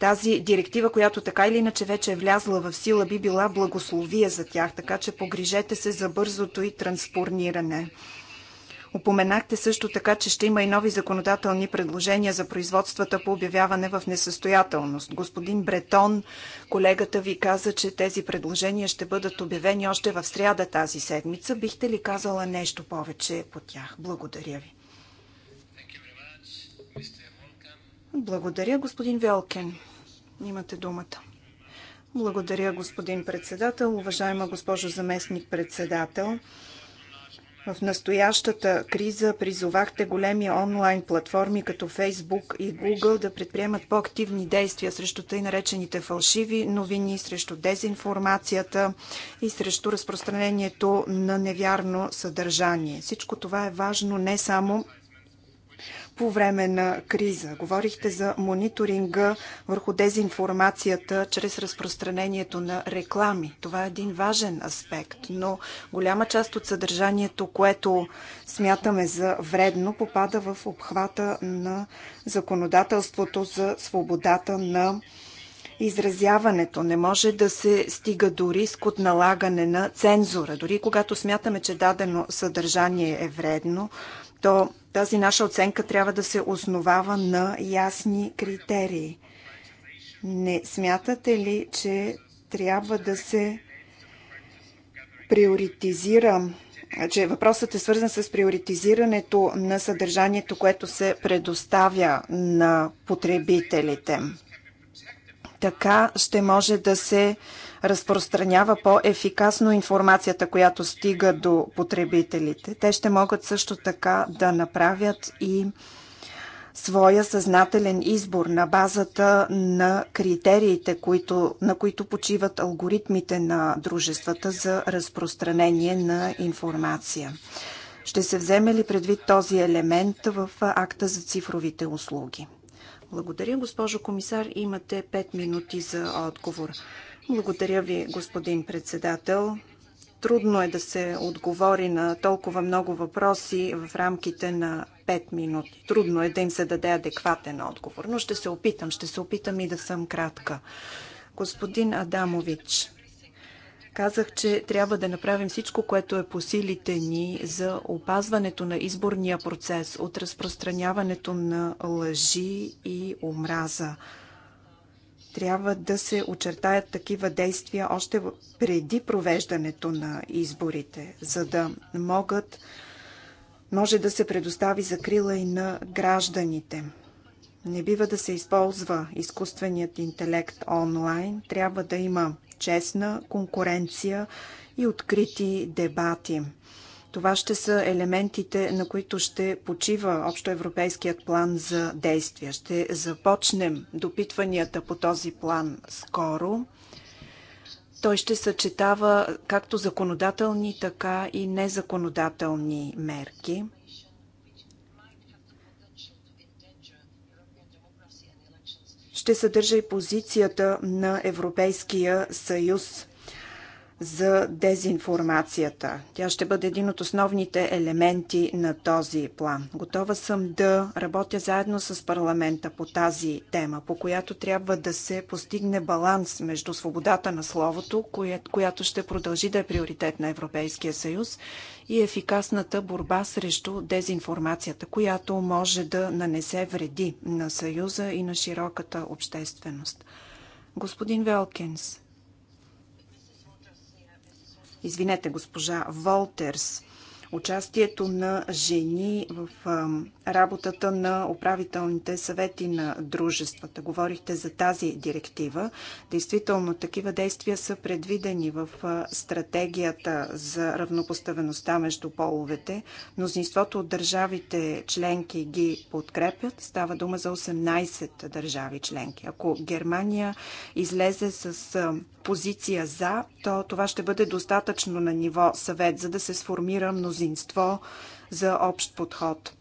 Тази директива, която така или иначе вече е влязла в сила, би била благословие за тях, така че погрижете се за бързото и транспорниране. Упоменахте също така, че ще има и нови законодателни предложения за производствата по обявяване в несъстоятелност. Господин Бретон, колегата ви каза, че тези предложения ще бъдат обявени още в сряда тази седмица. Бихте ли казала нещо повече по тях? Благодаря ви. Благодаря, господин Велкен. Имате думата. Благодаря, господин председател. Уважаема госпожо заместник председател, в настоящата криза призовахте големи онлайн платформи като Facebook и Google да предприемат по-активни действия срещу тъй наречените фалшиви новини, срещу дезинформацията и срещу разпространението на невярно съдържание. Всичко това е важно не само по време на криза. Говорихте за мониторинга върху дезинформацията чрез разпространението на реклами. Това е един важен аспект, но голяма част от съдържанието, което смятаме за вредно, попада в обхвата на законодателството за свободата на изразяването. Не може да се стига до риск от налагане на цензура. Дори когато смятаме, че дадено съдържание е вредно, то тази наша оценка трябва да се основава на ясни критерии. Не смятате ли, че трябва да се приоритизира, че въпросът е свързан с приоритизирането на съдържанието, което се предоставя на потребителите. Така ще може да се разпространява по-ефикасно информацията, която стига до потребителите. Те ще могат също така да направят и своя съзнателен избор на базата на критериите, които, на които почиват алгоритмите на дружествата за разпространение на информация. Ще се вземе ли предвид този елемент в акта за цифровите услуги? Благодаря, госпожо комисар. Имате 5 минути за отговор. Благодаря ви, господин председател. Трудно е да се отговори на толкова много въпроси в рамките на 5 минути. Трудно е да им се даде адекватен отговор, но ще се опитам. Ще се опитам и да съм кратка. Господин Адамович, казах, че трябва да направим всичко, което е по силите ни за опазването на изборния процес от разпространяването на лъжи и омраза трябва да се очертаят такива действия още преди провеждането на изборите, за да могат може да се предостави закрила и на гражданите. Не бива да се използва изкуственият интелект онлайн. Трябва да има честна конкуренция и открити дебати. Това ще са елементите, на които ще почива общоевропейският план за действие. Ще започнем допитванията по този план скоро. Той ще съчетава както законодателни, така и незаконодателни мерки. Ще съдържа и позицията на Европейския съюз за дезинформацията. Тя ще бъде един от основните елементи на този план. Готова съм да работя заедно с парламента по тази тема, по която трябва да се постигне баланс между свободата на словото, която ще продължи да е приоритет на Европейския съюз, и ефикасната борба срещу дезинформацията, която може да нанесе вреди на Съюза и на широката общественост. Господин Велкинс, извинете, госпожа Волтерс. Участието на жени в работата на управителните съвети на дружествата. Говорихте за тази директива. Действително, такива действия са предвидени в стратегията за равнопоставеността между половете. Мнозинството от държавите членки ги подкрепят. Става дума за 18 държави членки. Ако Германия излезе с позиция за, то това ще бъде достатъчно на ниво съвет, за да се сформира мнозинството мнозинство за общ подход.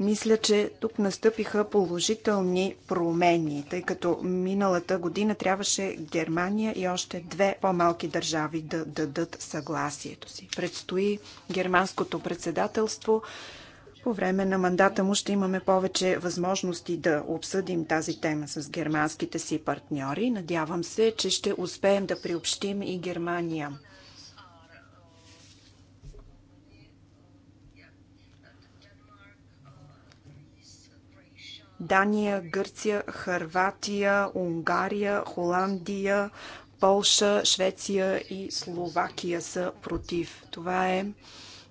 Мисля, че тук настъпиха положителни промени, тъй като миналата година трябваше Германия и още две по-малки държави да дадат съгласието си. Предстои германското председателство. По време на мандата му ще имаме повече възможности да обсъдим тази тема с германските си партньори. Надявам се, че ще успеем да приобщим и Германия Дания, Гърция, Харватия, Унгария, Холандия, Полша, Швеция и Словакия са против. Това е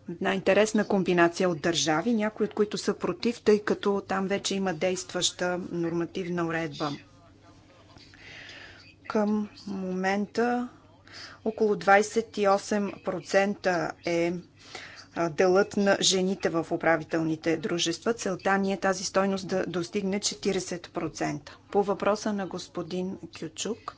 една интересна комбинация от държави, някои от които са против, тъй като там вече има действаща нормативна уредба. Към момента около 28% е делът на жените в управителните дружества. Целта ни е тази стойност да достигне 40%. По въпроса на господин Кючук,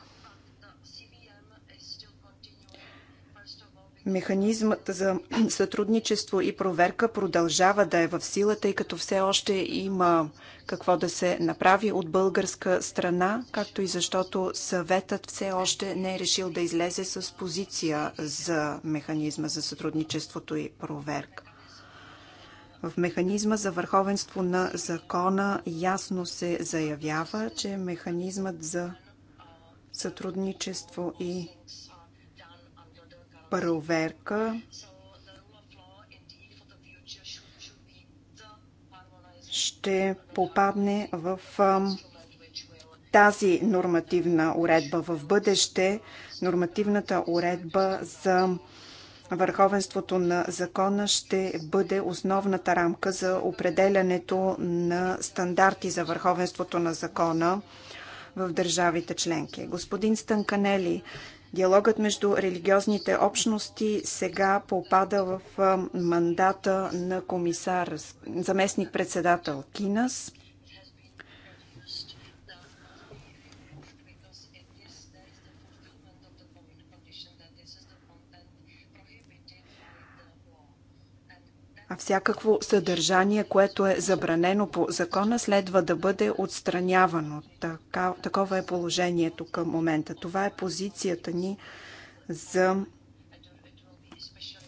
Механизмът за сътрудничество и проверка продължава да е в сила, тъй като все още има какво да се направи от българска страна, както и защото съветът все още не е решил да излезе с позиция за механизма за сътрудничеството и проверка. В механизма за върховенство на закона ясно се заявява, че механизмът за сътрудничество и проверка ще попадне в тази нормативна уредба в бъдеще, нормативната уредба за върховенството на закона ще бъде основната рамка за определянето на стандарти за върховенството на закона в държавите членки. Господин Станканели Диалогът между религиозните общности сега попада в мандата на комисар, заместник-председател Кинас. всякакво съдържание, което е забранено по закона, следва да бъде отстранявано. Така, такова е положението към момента. Това е позицията ни за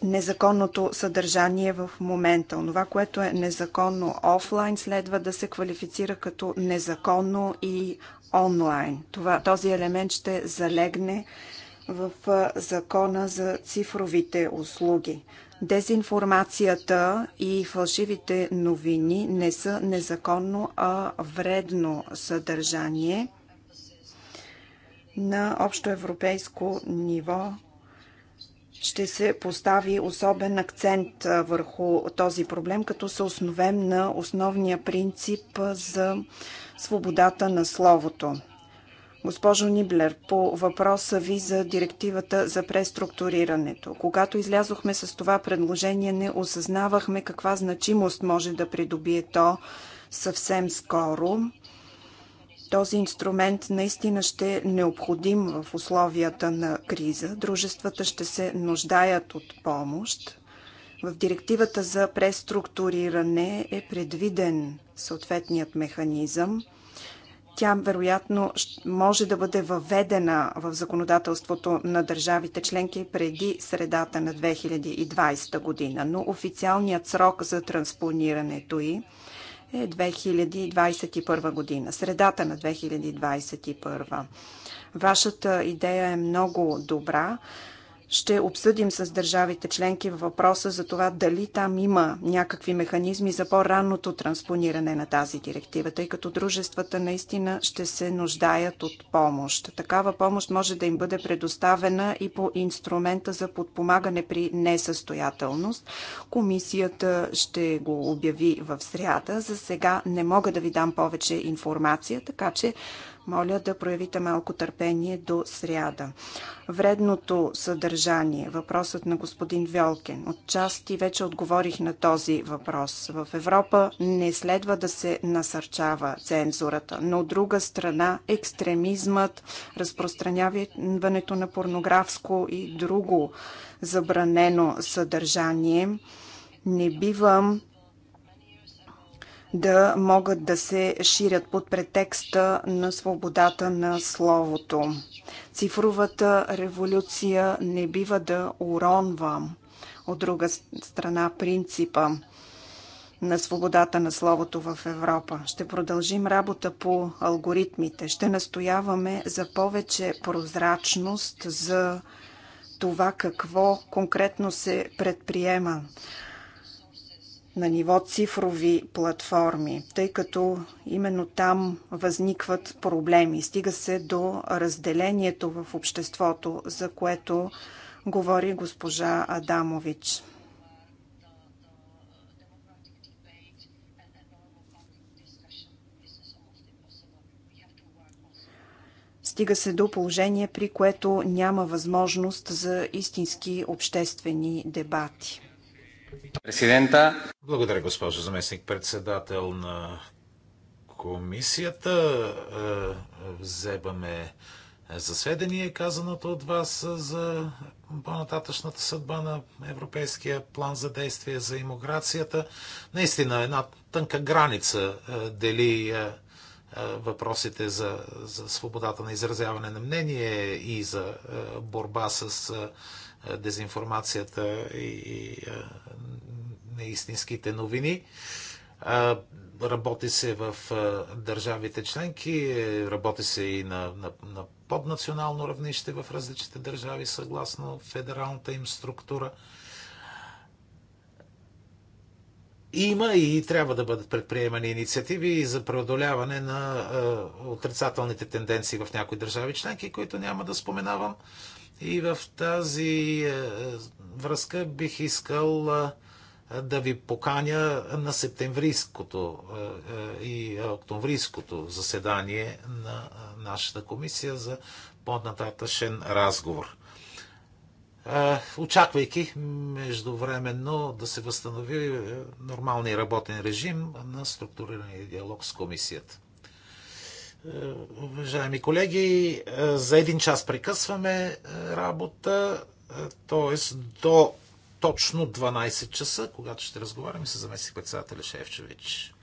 незаконното съдържание в момента. Това, което е незаконно офлайн, следва да се квалифицира като незаконно и онлайн. Това, този елемент ще залегне в закона за цифровите услуги. Дезинформацията и фалшивите новини не са незаконно, а вредно съдържание на общоевропейско ниво ще се постави особен акцент върху този проблем, като се основем на основния принцип за свободата на словото. Госпожо Ниблер, по въпроса ви за директивата за преструктурирането. Когато излязохме с това предложение, не осъзнавахме каква значимост може да придобие то съвсем скоро. Този инструмент наистина ще е необходим в условията на криза. Дружествата ще се нуждаят от помощ. В директивата за преструктуриране е предвиден съответният механизъм. Тя вероятно може да бъде въведена в законодателството на държавите членки преди средата на 2020 година, но официалният срок за транспонирането й е 2021 година, средата на 2021. Вашата идея е много добра ще обсъдим с държавите членки въпроса за това дали там има някакви механизми за по-ранното транспониране на тази директива, тъй като дружествата наистина ще се нуждаят от помощ. Такава помощ може да им бъде предоставена и по инструмента за подпомагане при несъстоятелност. Комисията ще го обяви в сряда. За сега не мога да ви дам повече информация, така че моля да проявите малко търпение до сряда. Вредното съдържание, въпросът на господин Вьолкен. Отчасти вече отговорих на този въпрос. В Европа не следва да се насърчава цензурата, но от друга страна екстремизмът, разпространяването на порнографско и друго забранено съдържание не бива да могат да се ширят под претекста на свободата на словото. Цифровата революция не бива да уронва от друга страна принципа на свободата на словото в Европа. Ще продължим работа по алгоритмите. Ще настояваме за повече прозрачност за това какво конкретно се предприема на ниво цифрови платформи, тъй като именно там възникват проблеми. Стига се до разделението в обществото, за което говори госпожа Адамович. стига се до положение, при което няма възможност за истински обществени дебати. Президента. Благодаря, госпожо заместник председател на комисията. Е, е, вземаме за сведение казаното от вас за по-нататъчната съдба на Европейския план за действие за иммиграцията. Наистина една тънка граница е, дели въпросите за, за свободата на изразяване на мнение и за борба с дезинформацията и неистинските новини. Работи се в държавите членки, е, работи се и на, на, на поднационално равнище в различните държави, съгласно федералната им структура. Има и трябва да бъдат предприемани инициативи за преодоляване на отрицателните тенденции в някои държави членки, които няма да споменавам и в тази е, връзка бих искал е, да ви поканя на септемврийското е, и октомврийското заседание на нашата комисия за по-нататъчен разговор. Очаквайки междувременно да се възстанови нормалния работен режим на структурирания диалог с комисията. Уважаеми колеги, за един час прекъсваме е, работа, т.е. до точно 12 часа, когато ще разговаряме с заместник председателя Шефчевич.